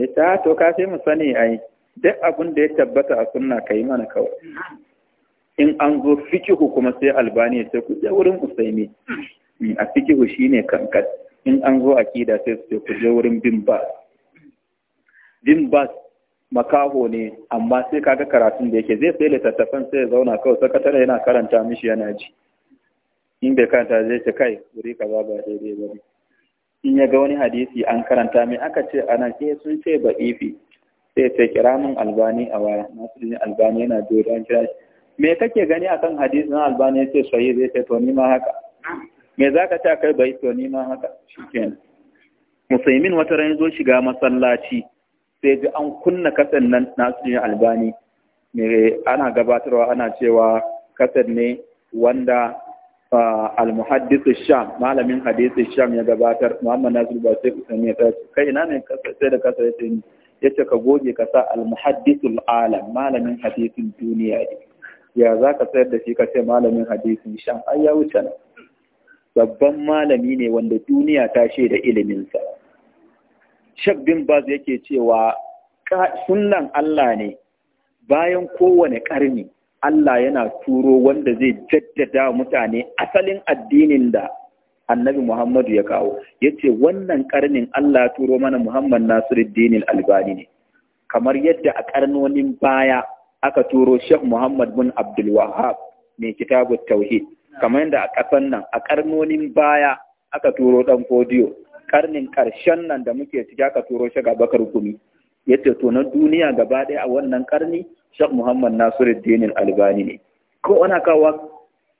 A: ita ah, to ka sai mu sani ai duk abin da ya tabbata a sunna ka yi mana kawai in an zo fikihu kuma sai albani sai ku je wurin usaimi mm, a fikihu shine kankat in an zo akida sai su ku je wurin bin ba bin ba makaho ne amma sai kaga karatun da yake zai sai littattafan sai ya zauna kawai sakatare yana karanta mishi yana ji in bai karanta zai ce kai wuri kaza ba daidai ba ne in ya ga wani hadisi an karanta mai aka ce a nan eh, sun ce ba ifi sai ce kira min albani a waya na su ne albani yana dodo an kira shi me kake gani akan hadisi na albani ya ce sahih zai ce to ni ma haka me za ka ce kai bai to ni ma haka shikenan musaimin wata ran zo shiga masallaci sai ji an kunna kasan nan su ne albani ana gabatarwa ana cewa kasan ne wanda al-muhaddis sham malamin hadisi sham ya gabatar Muhammad Nasir ba sai ku sani ta kai na ne sai da kasa ya ce yace ka goge ka sa al alam malamin hadisin duniya ne ya za ka sayar da shi ka ce malamin hadisin sham ai ya wuce babban malami ne wanda duniya ta shaida iliminsa bin baz yake cewa sunnan Allah ne bayan kowane karni. Allah yana turo wanda zai jaddada mutane asalin addinin da annabi Muhammadu ya kawo yace wannan karnin Allah turo mana Muhammad Nasiruddin Albani ne kamar yadda a karnonin baya aka turo Sheikh Muhammad bin Abdul Wahab mai kitabu tauhid kamar yadda a kasan nan a karnonin baya aka turo dan fodiyo karnin karshen nan da muke ciki aka turo shagabakar bakar Gumi yace tonon duniya gaba ɗaya a wannan karni Sheikh Muhammad Nasiru Nasiruddin Albani ne ko ana kawo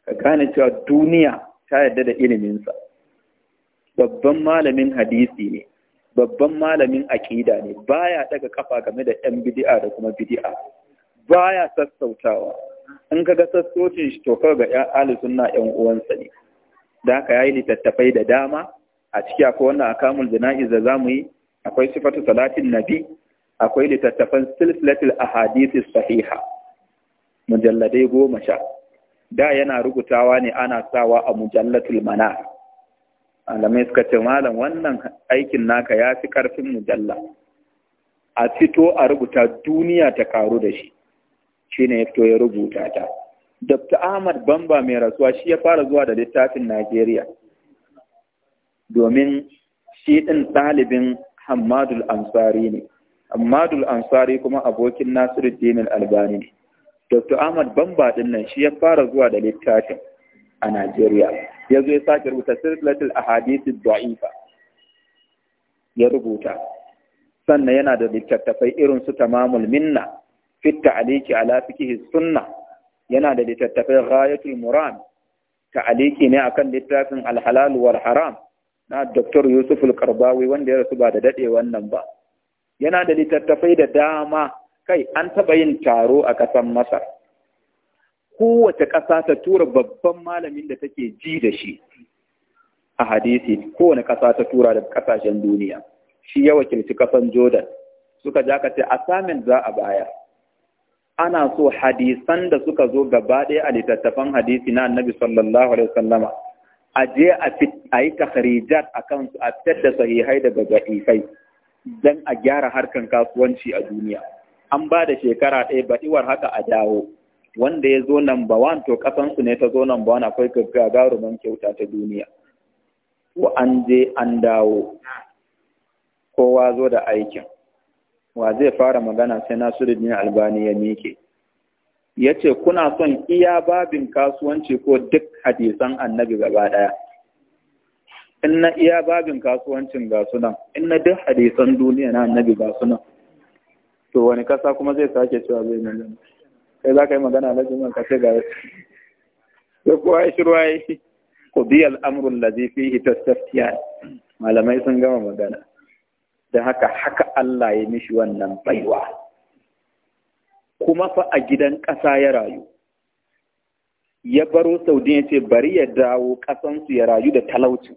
A: ka gane cewa duniya ta yarda da iliminsa babban malamin hadisi ne babban malamin aƙida ne baya daga kafa game da yan bid'a da kuma bid'a baya sassautawa in kaga sassocin shi to ga ya ahli sunna yan uwansa ne da haka yayi littattafai da dama a ciki akwai wannan akamul jana'iz da zamu yi akwai sifatu salatin nabi akwai littattafan silsilatul ahadithis sahiha mujalladai goma sha da yana rubutawa ne ana sawa a mujallatul mana alamai suka ce malam wannan aikin naka ya fi karfin mujalla a fito a rubuta duniya ta karu da shi shine ya fito ya rubuta ta Dr. Ahmad Bamba mai rasuwa shi ya fara zuwa da littafin Najeriya domin shi ɗin ɗalibin Hamadul Ansari ne ammadul Ansari kuma abokin Nasiruddin Al-Albani ne. Dr. Ahmad Bamba din nan shi ya fara zuwa da littafin a Najeriya. Ya zo ya sake rubuta Silsilatul Ahadithid Da'ifa. Ya rubuta. Sannan yana da littattafai irin su Tamamul Minna, Fitta Aliki ala fiqhi sunna. Yana da littattafai Ghayatul Muran, Aliki ne akan littafin Al-Halal Haram na Dr. Yusuf Al-Karbawi wanda ya rasu ba da dade wannan ba. yana da littattafai da dama kai an taɓa yin taro a ƙasar masar kowace ƙasa ta tura babban malamin da take ji da shi a hadisi kowane ƙasa ta tura da ƙasashen duniya shi ya wakilci ƙasan jordan suka ja ka ce za a baya ana so hadisan da suka zo gaba ɗaya a littattafan hadisi na annabi sallallahu alaihi wasallama a je a yi takarijat a kansu a fitar da sahihai daga da'ifai don a gyara harkar kasuwanci a duniya an ba da shekara ɗaya baɗiwar haka a dawo wanda ya zo ba wan to kasansu ne ta zo ba wani akwai gagarumin kyauta ta duniya ko an je an dawo kowa zo da aikin wa zai fara magana sai na nasiruddin albani ya mike ya ce kuna son iya babin kasuwanci ko duk hadisan annabi gaba ɗaya in na iya babin kasuwancin ga sunan in na duk hadisan duniya na annabi ga sunan to wani kasa kuma zai sake cewa zai nan sai za ka yi magana na jiman ka ce ga ya kowa ya shiru ya yi ku biya al'amurin da zai fi malamai sun gama magana don haka haka Allah ya mishi wannan baiwa kuma fa a gidan ƙasa ya rayu ya baro saudi ya ce bari ya dawo kasansu ya rayu da talauci.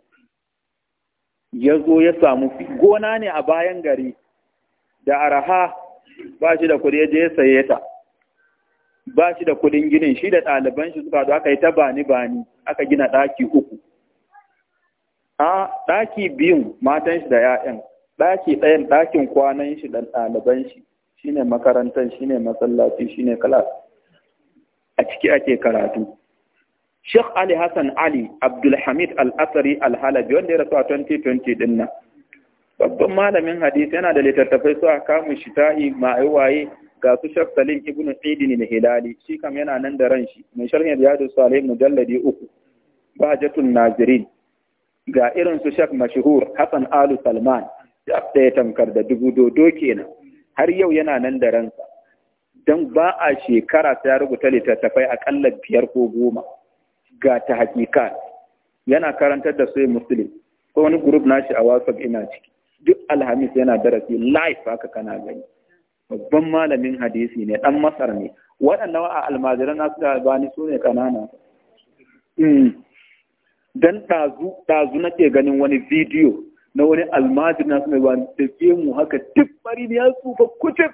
A: ya zo ya samu gona ne a bayan gari da araha ba shi da kudi ya je ya saye ta ba shi da kudin ginin shi da ɗaliban shi suka zo aka yi ta bani bani aka gina ɗaki uku a ɗaki biyun matan shi da 'ya'yan ɗaki ɗayan ɗakin kwanan shi da ɗaliban shi shine makarantar shine masallaci shine kalas a ciki ake karatu Sheikh Ali Hassan Ali Abdulhamid Al-Asari Al-Halabi wanda ya rasu a 2020 din nan. Babban malamin hadisi yana da littattafai su a kamun shi ta yi ma'aiwaye ga su Sheikh Salim Ibn Idin Hilali shi kam yana nan da ran shi mai sharhin Riyadu Salih mujalladi uku Ba jatun Nazirin ga irin su Sheikh Mashhur Hassan Alu Salman da ɗaya tamkar da dubu dodo kenan har yau yana nan da ransa don ba a shekara ta ya rubuta littattafai akalla biyar ko goma. ga ta hakika yana karantar da sai muslim ko wani group nashi a whatsapp ina ciki duk alhamis yana darasi live haka kana gani babban malamin hadisi ne dan masar ne waɗannan a almajiran nasu da albani su ne kanana hmm. dan ɗazu ɗazu nake ganin wani bidiyo na wani almajir nasu mai bani da mu haka duk bari ne ya tsufa kucin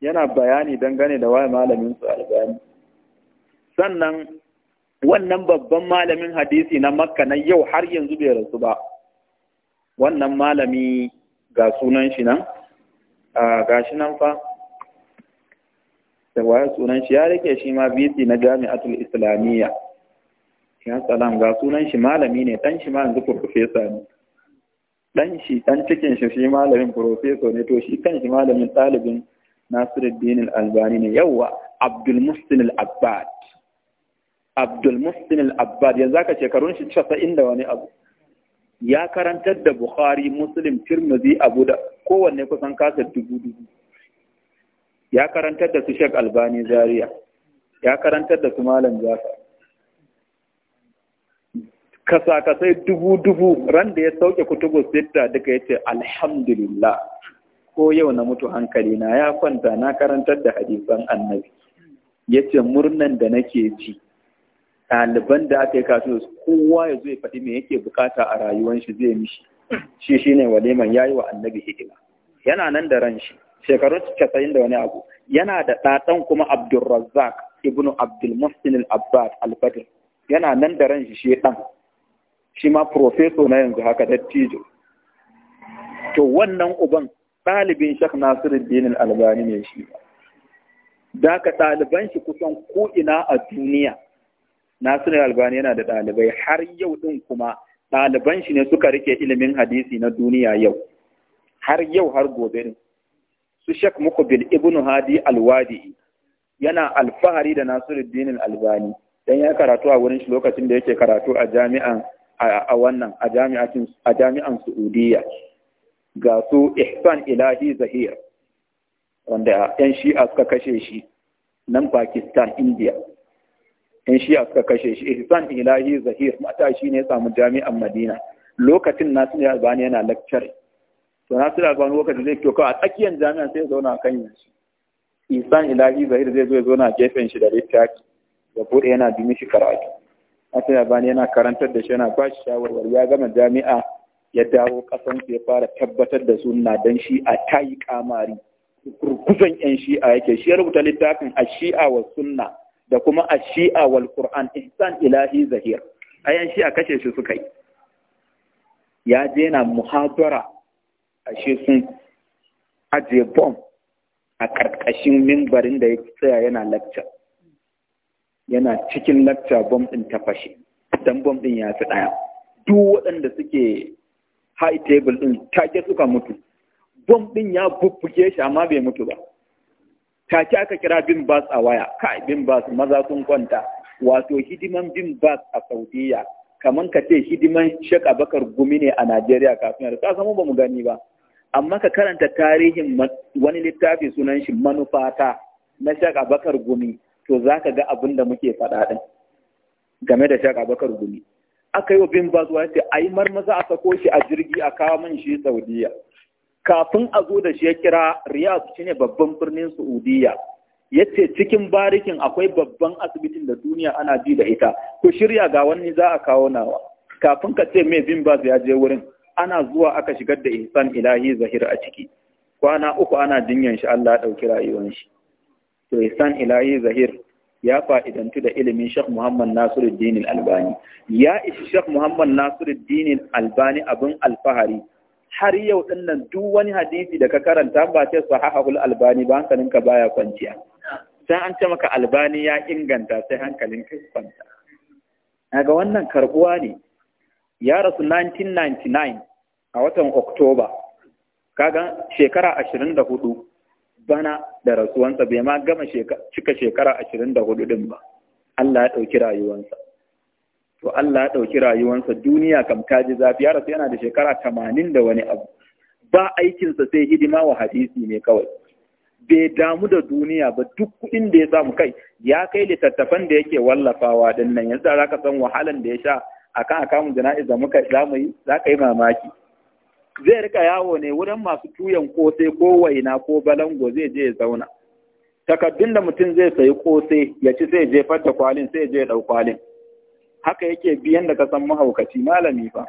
A: yana bayani dangane da wani malamin su albani sannan wannan babban malamin hadisi na makka na yau har yanzu bai rasu ba wannan malami ga sunan shi nan ga shi nan fa da waye sunan shi ya rike shi ma biti na jami'atul islamiyya ya salam ga sunan shi malami ne dan shi ma yanzu profesa ne dan shi dan cikin shi shi malamin profesa ne to shi kan shi malamin ɗalibin nasiruddin al-albani ne yawa abdul muhsin al-abbad Abdul Muslim al yanzu aka shekarun shi 90 da wani abu ya karantar da Bukhari Muslim Tirmidhi Abu da kowanne kusan kasa dubu dubu ya karantar da su Sheikh Albani Zaria ya karantar da su Malam Jafar kasa-kasai dubu-dubu ran da ya sauke kutubu sitta duka ya ce alhamdulillah ko yau na mutu hankali na ya kwanta na karantar da hadisan annabi ya ce murnan da nake ji ɗaliban da aka yi kasuwa kowa ya zo ya faɗi me yake bukata a rayuwar shi zai mishi shi shi shine waliman yi wa annabi hidima yana nan da ran shi shekarun casa'in da wani abu yana da ɗaɗan kuma Abdulrazak ibnu abdulmuhsin al-abbas al-badr yana nan da ran shi shi ɗan shi ma profeso na yanzu haka dattijo to wannan uban ɗalibin shek nasiruddin al-albani ne shi ba da ka ɗaliban shi kusan ko'ina a duniya Nasiru Albani yana da ɗalibai har yau ɗin kuma ɗaliban shi ne suka rike ilimin hadisi na duniya yau har yau har gobe ne su shek Mukbil Ibn Hadi Alwadi yana alfahari da nasiru dinin Albani dan ya karatu a wurin shi lokacin da yake karatu a jami'an a wannan a a jami'an Saudiya ga su Ihsan Ilahi Zahir wanda 'yan shi'a suka kashe shi nan Pakistan India in shiya suka kashe shi ihsan ilahi zahir matashi ne ya samu jami'an madina lokacin Nasir albani yana lecture to Nasir albani lokacin zai kyau a tsakiyar jami'an sai ya zauna a kan yansu ihsan ilahi zahir zai zo ya zauna gefen shi da littafi ya bude yana bi mishi karatu Nasir albani yana karantar da shi yana ba shi shawarwari ya gama jami'a ya dawo kasan ya fara tabbatar da sunna dan shi a tayi kamari kurkusan yan shi'a yake shi ya rubuta littafin a shi'a wa sunna da kuma a shi'a wal Qur'an ihsan ilahi zahir ayan shi a kashe shi suka yi ya je na muhabara ashe sun ajiye bom a ƙarƙashin mimbarin da ya tsaya yana lakca yana cikin lakca bom ɗin ta fashe don bom ɗin ya fi ɗaya. duk waɗanda suke high table ta take suka mutu bom ɗin ya bubbuke shi amma bai mutu ba take aka kira bin bas a waya kai bin bas maza sun kwanta wato hidiman bin bas a saudiya Kamar ka ce hidiman shek abakar gumi ne a najeriya kafin yarda ka samu ba mu gani ba amma ka karanta tarihin wani littafi sunan shi manufata na shek abakar gumi to za ka ga abin da muke faɗa ɗin game da shek abakar gumi aka yi wa bin bas wani ce ai marmaza a sako shi a jirgi a kawo min shi saudiya kafin a zo da shi ya kira riyadh shine babban birnin saudiya yace cikin barikin akwai babban asibitin da duniya ana ji da ita ku shirya ga wani za a kawo nawa kafin ka ce mai bin bas ya je wurin ana zuwa aka shigar da ihsan ilahi zahir a ciki kwana uku ana jinyan shi Allah ya dauki rayuwar shi to ihsan ilahi zahir ya fa'idantu da ilimin Sheikh Muhammad Nasiruddin Albani ya ishi Sheikh Muhammad Nasiruddin Albani abin alfahari har yau din nan duk wani hadisi da ka karanta ba ce sahahul albani ba hankalin ka baya kwanciya sai an ce maka albani ya inganta sai hankalin ka kwanta daga wannan karbuwa ne ya rasu 1999 a watan oktoba kaga shekara 24 bana da rasuwansa bai ma gama cika shekara 24 din ba Allah ya ɗauki rayuwansa to Allah ya ɗauki rayuwansa duniya kam ta ji zafi ya rasu yana da shekara tamanin da wani abu ba aikinsa sai hidima wa hadisi ne kawai bai damu da duniya ba duk kuɗin da ya samu kai ya kai littattafan da yake wallafawa din nan yanzu za ka san wahalan da ya sha a kan akamun jana'iza muka za mu yi za ka yi mamaki zai rika yawo ne wurin masu tuyan kosai ko waina ko balango zai je ya zauna takaddun da mutum zai sayi kosai ya ci sai jefar da kwalin sai je ya ɗau kwalin haka yake biyan da ka san mahaukaci malami fa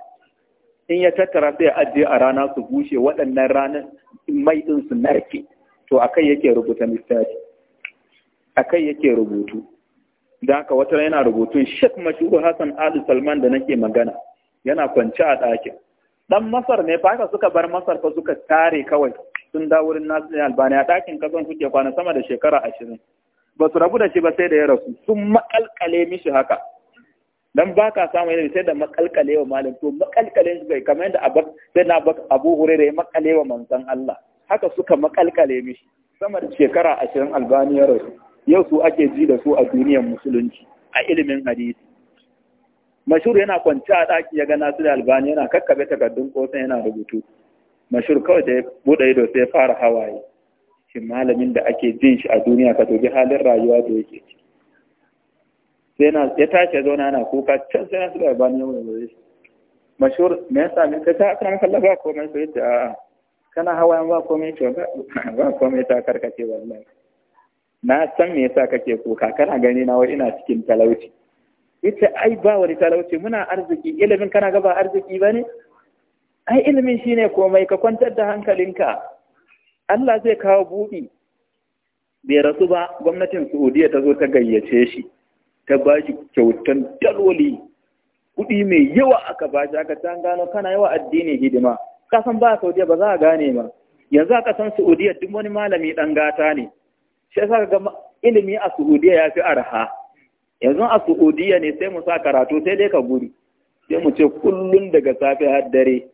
A: in ya tattara sai ajiye a rana su bushe waɗannan ranar mai ɗin su narke to a kai yake rubuta a kai yake rubutu da haka wata yana rubutun shek Mashuhu Hassan Ali Salman da nake magana yana kwance a ɗakin dan Masar ne fa suka bar Masar fa suka tare kawai sun da wurin nasu ne albani a ɗakin kasan suke kwana sama da shekara ashirin ba su rabu da shi ba sai da ya rasu sun makalkale mishi haka dan ba ka samu yadda sai da makalkale wa malam to makalkale su bai kamar yadda abu sai na abak abu hurere ya makale wa manzon Allah haka suka makalkale mishi sama da shekara ashirin albaniya rasu yau su ake ji da su a duniyar musulunci a ilimin hadisi mashur yana kwanci a ɗaki ya ga nasu da albaniya yana kakkabe takardun kosan yana rubutu mashur kawai da ya buɗe ido sai fara hawaye shi malamin da ake jin shi a duniya ka tobi halin rayuwa da yake ci sai na ya tashi ya zauna ana kuka can sai na su da bani yau da zai mashur me yasa min ka ta akran kallah ba komai sai ta a'a kana yan ba komai to ba komai ta karkace wallahi na san me yasa kake kuka kana gani na wai ina cikin talauci yace ai ba wani talauci muna arziki ilimin kana ga ba arziki bane ai ilimin shine komai ka kwantar da hankalinka Allah zai kawo buɗi bai rasu ba gwamnatin Saudiya ta zo ta gayyace shi ta ba shi kyautan daloli kuɗi mai yawa aka ba shi aka can gano kana yawa addini hidima kasan ba saudiya ba za a gane ma yanzu aka san saudiya duk wani malami ɗan gata ne shi yasa ga ilimi a saudiya ya fi arha yanzu a saudiya ne sai mu sa karatu sai dai ka gudu sai mu ce kullum daga safe har dare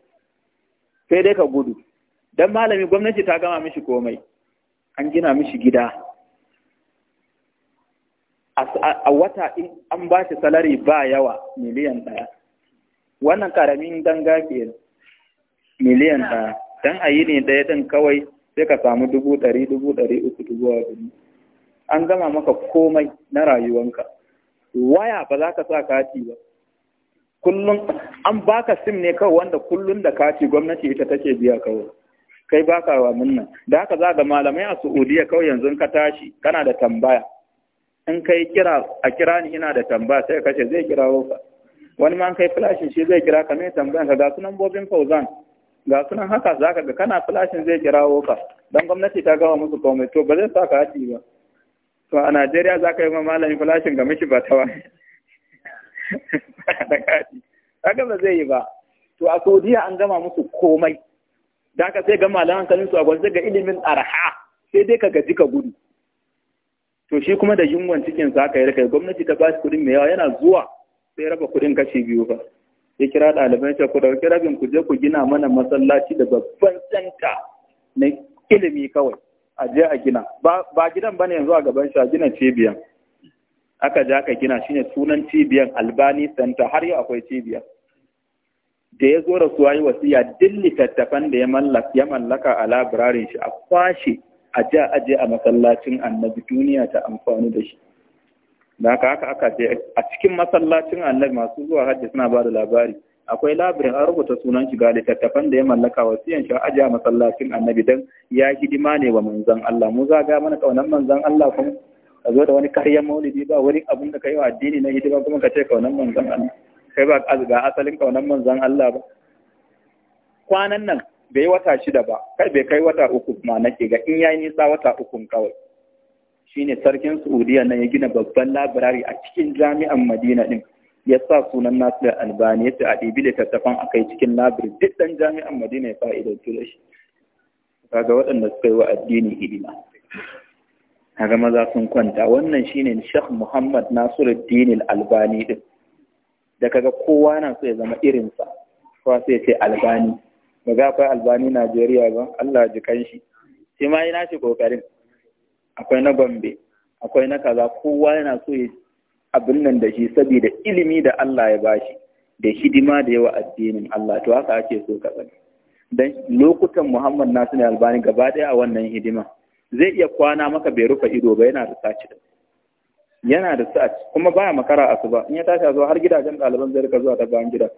A: sai dai ka gudu dan malami gwamnati ta gama mishi komai an gina mishi gida a wata in an ba shi salari ba yawa miliyan ɗaya wannan ƙaramin danga ke miliyan ɗaya don a yi ne ɗaya ɗin kawai sai ka samu dubu ɗari dubu ɗari uku dubu ɗari an gama maka komai na rayuwanka waya ba za ka sa kati ba kullum an baka sim ne kawai wanda kullum da kati gwamnati ita take biya kawai kai baka wa munna da haka za ga malamai a Saudiya kawai yanzu ka tashi kana da tambaya in kai kira a kira ni ina da tambaya sai ka zai kira ka wani ma kai flashin shi zai kira ka mai tambayan ka ga sunan bobin fauzan ga sunan haka zaka ga kana flashin zai kira ka dan gwamnati ta gawa musu komai to ba zai sa ka haɗi ba to a Najeriya za ka yi ma malamin flashin ga miki ba ta wani ba zai yi ba to a Saudiya an gama musu komai da ka sai ga malaman kanin su a gwanzu ga ilimin arha sai dai ka gaji ka gudu to shi kuma da yunwan cikin sa aka yi raka gwamnati ta ba shi kuɗin mai yawa yana zuwa sai raba kuɗin kashi biyu ba ya kira ɗaliban shi ku ɗauki rabin ku je ku gina mana masallaci da babban santa na ilimi kawai a je a gina ba gidan ne yanzu a gaban shi a gina cibiyan aka je aka gina shine sunan cibiyar albani center har yau akwai cibiyar. da ya zo da su yi ya dillita littattafan da ya mallaka a labirarin shi a kwashe a ja aje a masallacin annabi duniya ta amfani da shi da haka haka aka ce a cikin masallacin annabi masu zuwa hajji suna ba da labari akwai labirin an rubuta sunan shi ga littattafan da ya mallaka wasiyan shi aje a masallacin annabi dan ya hidima ne wa manzon Allah mu za ga mana kaunan manzon Allah kuma ka zo da wani karyan maulidi ba wani abun da yi wa addini na hidima kuma ka ce kaunan manzon Allah kai ba ga asalin kaunan manzon Allah ba kwanan nan bai wata shida ba kai bai kai wata uku ma nake ga in yayi nisa wata uku kawai Shi ne sarkin Saudiya na ya gina babban labirari a cikin jami'an Madina din ya sa sunan Nasir Albani ya ce a ɗibi littattafan a kai cikin labirin duk ɗan jami'an Madina ya faida da shi. Kaga waɗanda suka yi wa addini hidima. Kaga maza sun kwanta wannan shine Sheikh Muhammad Nasiru Nasiruddin Albani din. Da kaga kowa na so ya zama irinsa, kowa sai ya ce Albani. ba ga akwai albani Najeriya ba Allah ji kanshi shi ma yana shi kokarin akwai na Gombe akwai na kaza kowa yana so ya abin nan da shi saboda ilimi da Allah ya bashi da hidima da yawa addinin Allah to haka ake so ka sani dan lokutan Muhammad Nasir Albani gaba ɗaya a wannan hidima zai iya kwana maka bai rufe ido ba yana da saci yana da saci kuma baya makara a su ba. in ya tashi zuwa har gidajen ɗaliban zai rika zuwa ta bayan gida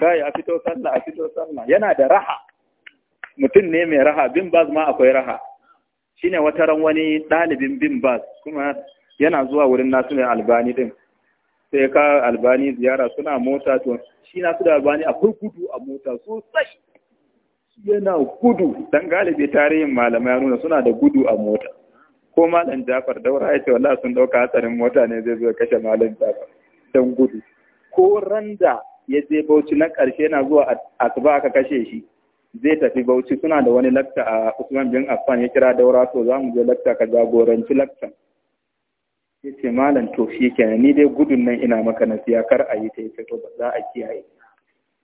A: kai a fito sallah a fito sallah yana da raha mutum ne mai raha bin bas ma akwai raha shine wata ran wani ɗalibin bin bas kuma yana zuwa wurin nasu ne albani din sai ka albani ziyara suna mota to shi nasu da albani akwai gudu a mota sosai yana gudu dan galibi tarihin malamai ya nuna suna da gudu a mota ko malam jafar daura ya ce wallahi sun dauka hatsarin mota ne zai zo kashe malam jafar dan gudu ko randa ya je bauchi na ƙarshe na zuwa asuba aka kashe shi zai tafi bauchi suna da wani lakta a usman bin affan ya kira daura to za mu je lakta ka jagoranci lakta ya ce malam to shi kenan ni dai gudun nan ina maka nasiya kar a yi ta yi, to ba za a kiyaye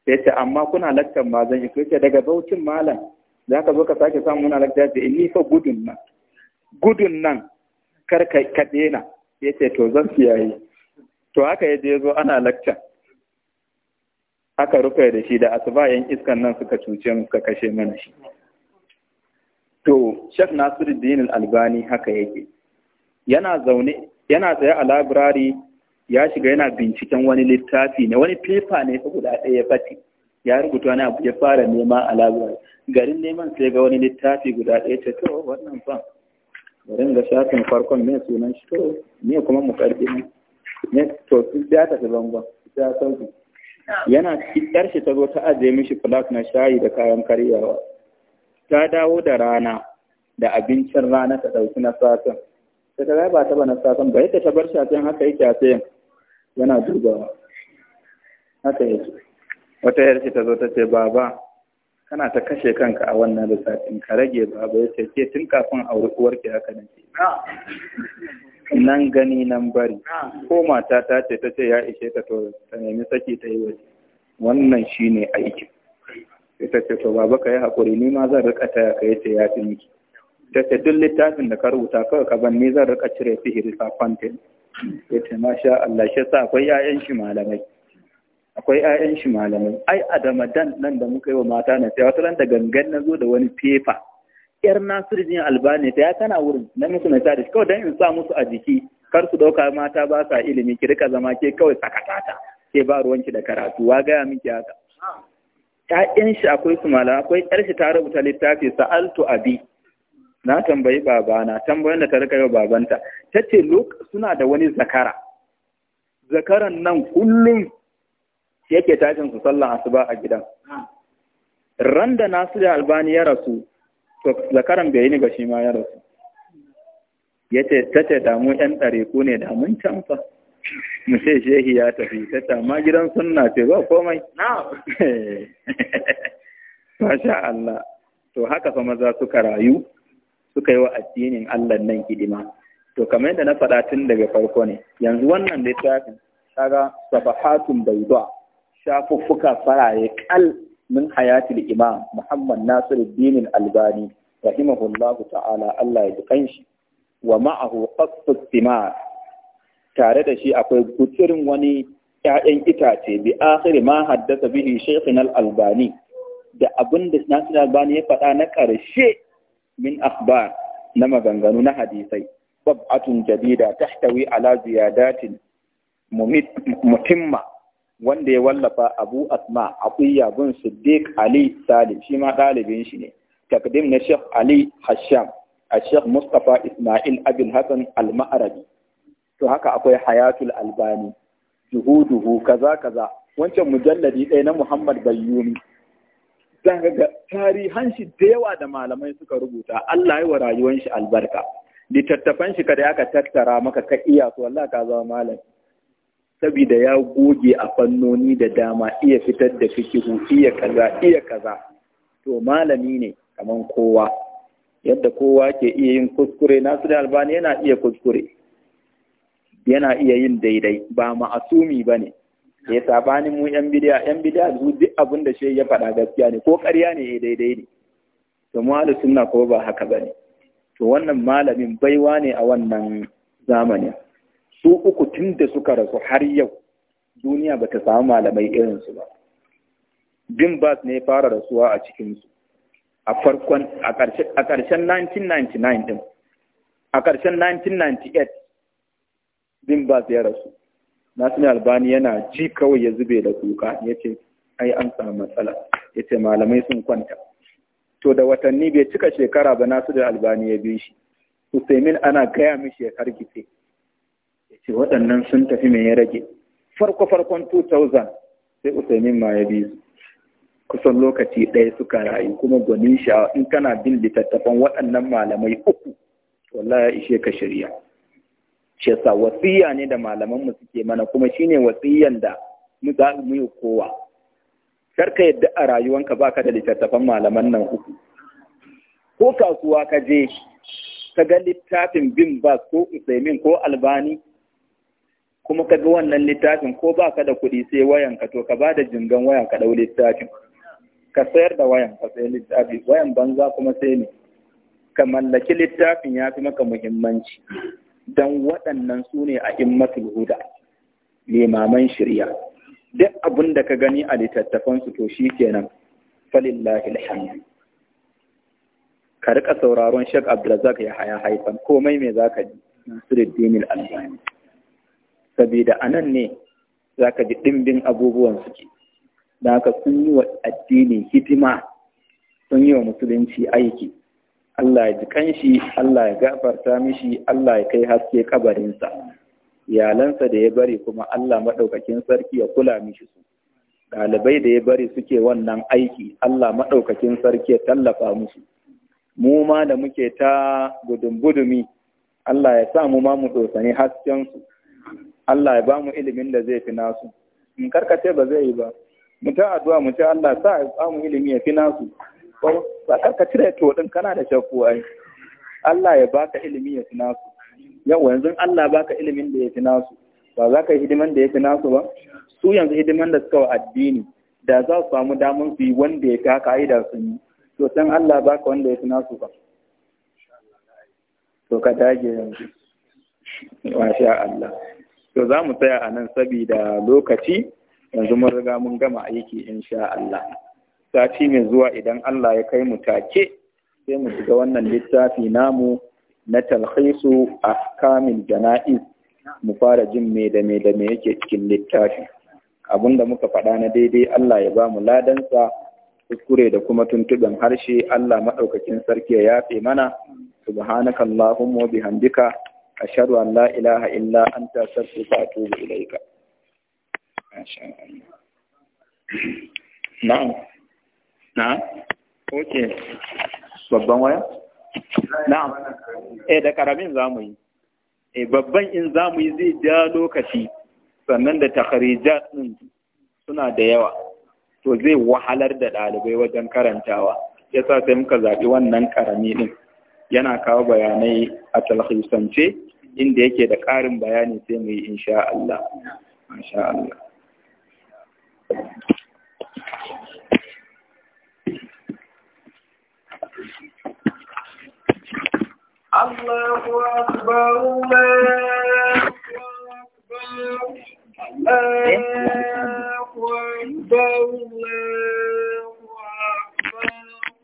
A: sai ce amma kuna laktan ma zan iso ce daga baucin malam za ka zo ka sake samu muna lakta ce eh, ni fa gudun nan gudun nan kar ka daina, ya ce to zan kiyaye to haka ya je zo ana lakta aka rufe da shi da asuba iskan nan suka cuce suka kashe mana shi to Shek Nasiruddin Al-Albani haka yake yana zaune yana tsaye a labirari ya shiga yana binciken wani littafi ne wani fifa ne su guda ɗaya ya fati ya rubuta wani abu ya fara nema a labirari. garin neman sai ga wani littafi guda ɗaya ce to wannan fa garin ga shafin farkon ne sunan shi to ne kuma mu karɓi ne to sun ta tafi bangon sun ta sauki yana yar shi ta zo ta ajiye mishi flask na shayi da kayan karyawa ta dawo da rana da abincin rana ta ɗauki na satin ta ta ba ta ba na satin ba yadda ta bar shi a haka yake a tsayin yana dubawa haka yake wata yar shi ta zo ta ce baba kana ta kashe kanka a wannan lissafin ka rage baba ya ce ke tun kafin auri uwarki haka nake nan gani nan bari ah. ko mata ta ce ta ce ya ishe ta to ta nemi saki ta yi waje wannan ne aikin sai ta ce to baba ka yi haƙuri ni ma zan rika taya ka yace ya fi miki ta ce duk littafin da ka rubuta kawai ka ban ni zan rika cire sihiri sa kwantin ya ce masha Allah shi sa akwai 'ya'yan shi malamai akwai 'ya'yan shi malamai ai adamadan nan da muka yi wa mata na sai wata ran da gangan na zo da wani fefa yar nasiru albani ta ya tana wurin na musu mai sa kawai don in sa musu a jiki kar su ɗauka mata ba sa ilimi ki rika zama ke kawai sakatata ke ba ruwanki da karatu wa gaya miki haka ƴaƴan shi akwai su mala akwai ƴar shi ta rubuta littafi sa'altu abi na tambayi babana Tambayin da ta rika yau babanta ta ce luk suna da wani zakara zakaran nan kullum yake tashin su sallan asuba a gidan Randa da nasu da albani ya rasu to zakaran bai yi ni ba shi ma ya rasu ya ce ta ce damu yan ku ne damun can fa mu ce shehi ya tafi ta ce ma gidan sunna ce ba komai na. masha Allah to haka fa maza suka rayu suka yi wa addinin Allah nan hidima to kamar yadda na faɗa tun daga farko ne yanzu wannan littafin kaga bai baidoa shafuffuka faraye kal min hayatil imam Muhammad Nasiruddin Albani rahimahullahu ta'ala Allah ya ji kanshi wa ma'ahu qasfus thimar tare da shi akwai gutsirin wani ‘ya'yan itace bi akhiri ma haddasa bihi shaikhin al'albani da abinda da nasu albani ya faɗa na ƙarshe min akhbar na maganganu na hadisai bab'atun jadida tahtawi ala ziyadatin muhimma. wanda ya wallafa abu asma atiyya bin siddiq ali salim shi ma ɗalibin shi ne takdim na sheikh ali hasham a sheikh mustapha ismail abin hassan al-ma'arabi to haka akwai hayatul albani juhuduhu kaza kaza wancan mujalladi ɗaya na muhammad bayyumi zaka ga tarihan shi da yawa da malamai suka rubuta Allah ya wa rayuwar shi albarka littattafan shi kada aka tattara maka ka iya to Allah ka zama malami saboda ya goge a fannoni da dama iya fitar da fikihu iya kaza iya kaza to malami ne kaman kowa yadda kowa ke iya yin kuskure nasu da albani yana iya kuskure yana iya yin daidai ba ma'asumi ba ne ya sabanin mu yan bidiya yan bidiya su duk abin da shi ya faɗa gaskiya ne ko ƙarya ne ya eh, daidai ne to mu suna ko ba haka ba ne to wannan malamin baiwa ne a wannan zamanin su uku tun da suka rasu har yau duniya ba ta samu malamai irinsu ba bin bas ne fara rasuwa a cikinsu a farkon a ƙarshen 1999 ɗin, a ƙarshen 1998 bin bas ya rasu nasu albani yana ji kawai ya zube da kuka ya ce ai an samu matsala ya ce malamai sun kwanta to da watanni bai cika shekara ba nasu da albani ya bi shi usaimin ana gaya mishi ya hargitse ce waɗannan sun tafi mai ya rage farko-farkon 2000 sai usaimin ma ya bi kusan lokaci ɗaya suka rayu kuma gwanin sha'awa in kana bin littattafan waɗannan malamai uku wallahi ya ishe ka shirya sa wasiya ne da malamanmu suke mana kuma shine wasiyan da mu za mu yi kowa karka yadda a rayuwanka baka da littattafan malaman nan uku ko kasuwa ka je ka ga littafin bin bas ko usaimin ko albani kuma ka ga wannan littafin ko ba ka da kuɗi sai wayan ka to ka ba da jingan wayan ka ɗau littafin ka sayar da wayan ka sai littafi wayan banza kuma sai ne ka mallaki littafin ya fi maka muhimmanci don waɗannan su ne a immatul huda limaman shirya duk abin da ka gani a littattafansu to shi kenan falillahi alhamdu ka rika sauraron shek Abdulrazak ya haya haifan komai me zaka ji Nasiruddin Al-Albani saboda a nan ne za ka ji ɗimbin abubuwan suke da haka sun yi wa addini hidima sun yi wa musulunci aiki Allah ya ji kanshi Allah ya gafarta mishi Allah ya kai haske kabarinsa iyalansa da ya bari kuma Allah maɗaukakin sarki ya kula mishi su ɗalibai da ya bari suke wannan aiki Allah maɗaukakin sarki ya tallafa musu mu ma da muke ta gudun gudumi Allah ya sa mu ma mu dosani hasken su Allah ya bamu ilimin da zai fi nasu in karkace ba zai yi ba mu ta addu'a mu ce Allah sa ya bamu ilimi ya fi nasu ba karkace da to din kana da shakku ai Allah ya baka ilimi ya fi nasu yau yanzu Allah baka ilimin da ya fi nasu ba za ka yi hidiman da ya fi nasu ba su yanzu hidiman da suka wa addini da za su samu damar su yi wanda ya fi haka ai da sun yi to san Allah baka wanda ya fi nasu ba to ka dage yanzu masha Allah to za mu tsaya a nan saboda lokaci yanzu mun riga mun gama aiki insha Allah sati mai zuwa idan Allah ya kai mu take sai mu shiga wannan littafi namu na talhisu ahkamil jana'iz mu fara jin me da me da me yake cikin littafi da muka faɗa na daidai Allah ya ba mu ladansa kuskure da kuma tuntuɓen harshe Allah maɗaukakin sarki ya yafe mana subhanakallahumma wa bihamdika ashhadu an la ilaha illa an anta astaghfiruka wa atubu ilaika na'am na'am okay babban waya na'am eh da karamin zamu yi eh babban in zamu yi zai ja lokaci sannan da takharijat din suna da yawa to zai wahalar da ɗalibai wajen karantawa yasa sai muka zaɓi wannan karami din yana kawo bayanai a talhisance inda yake da ƙarin bayani sai mu yi insha Allah insha Allah الله أكبر الله akbar الله أكبر الله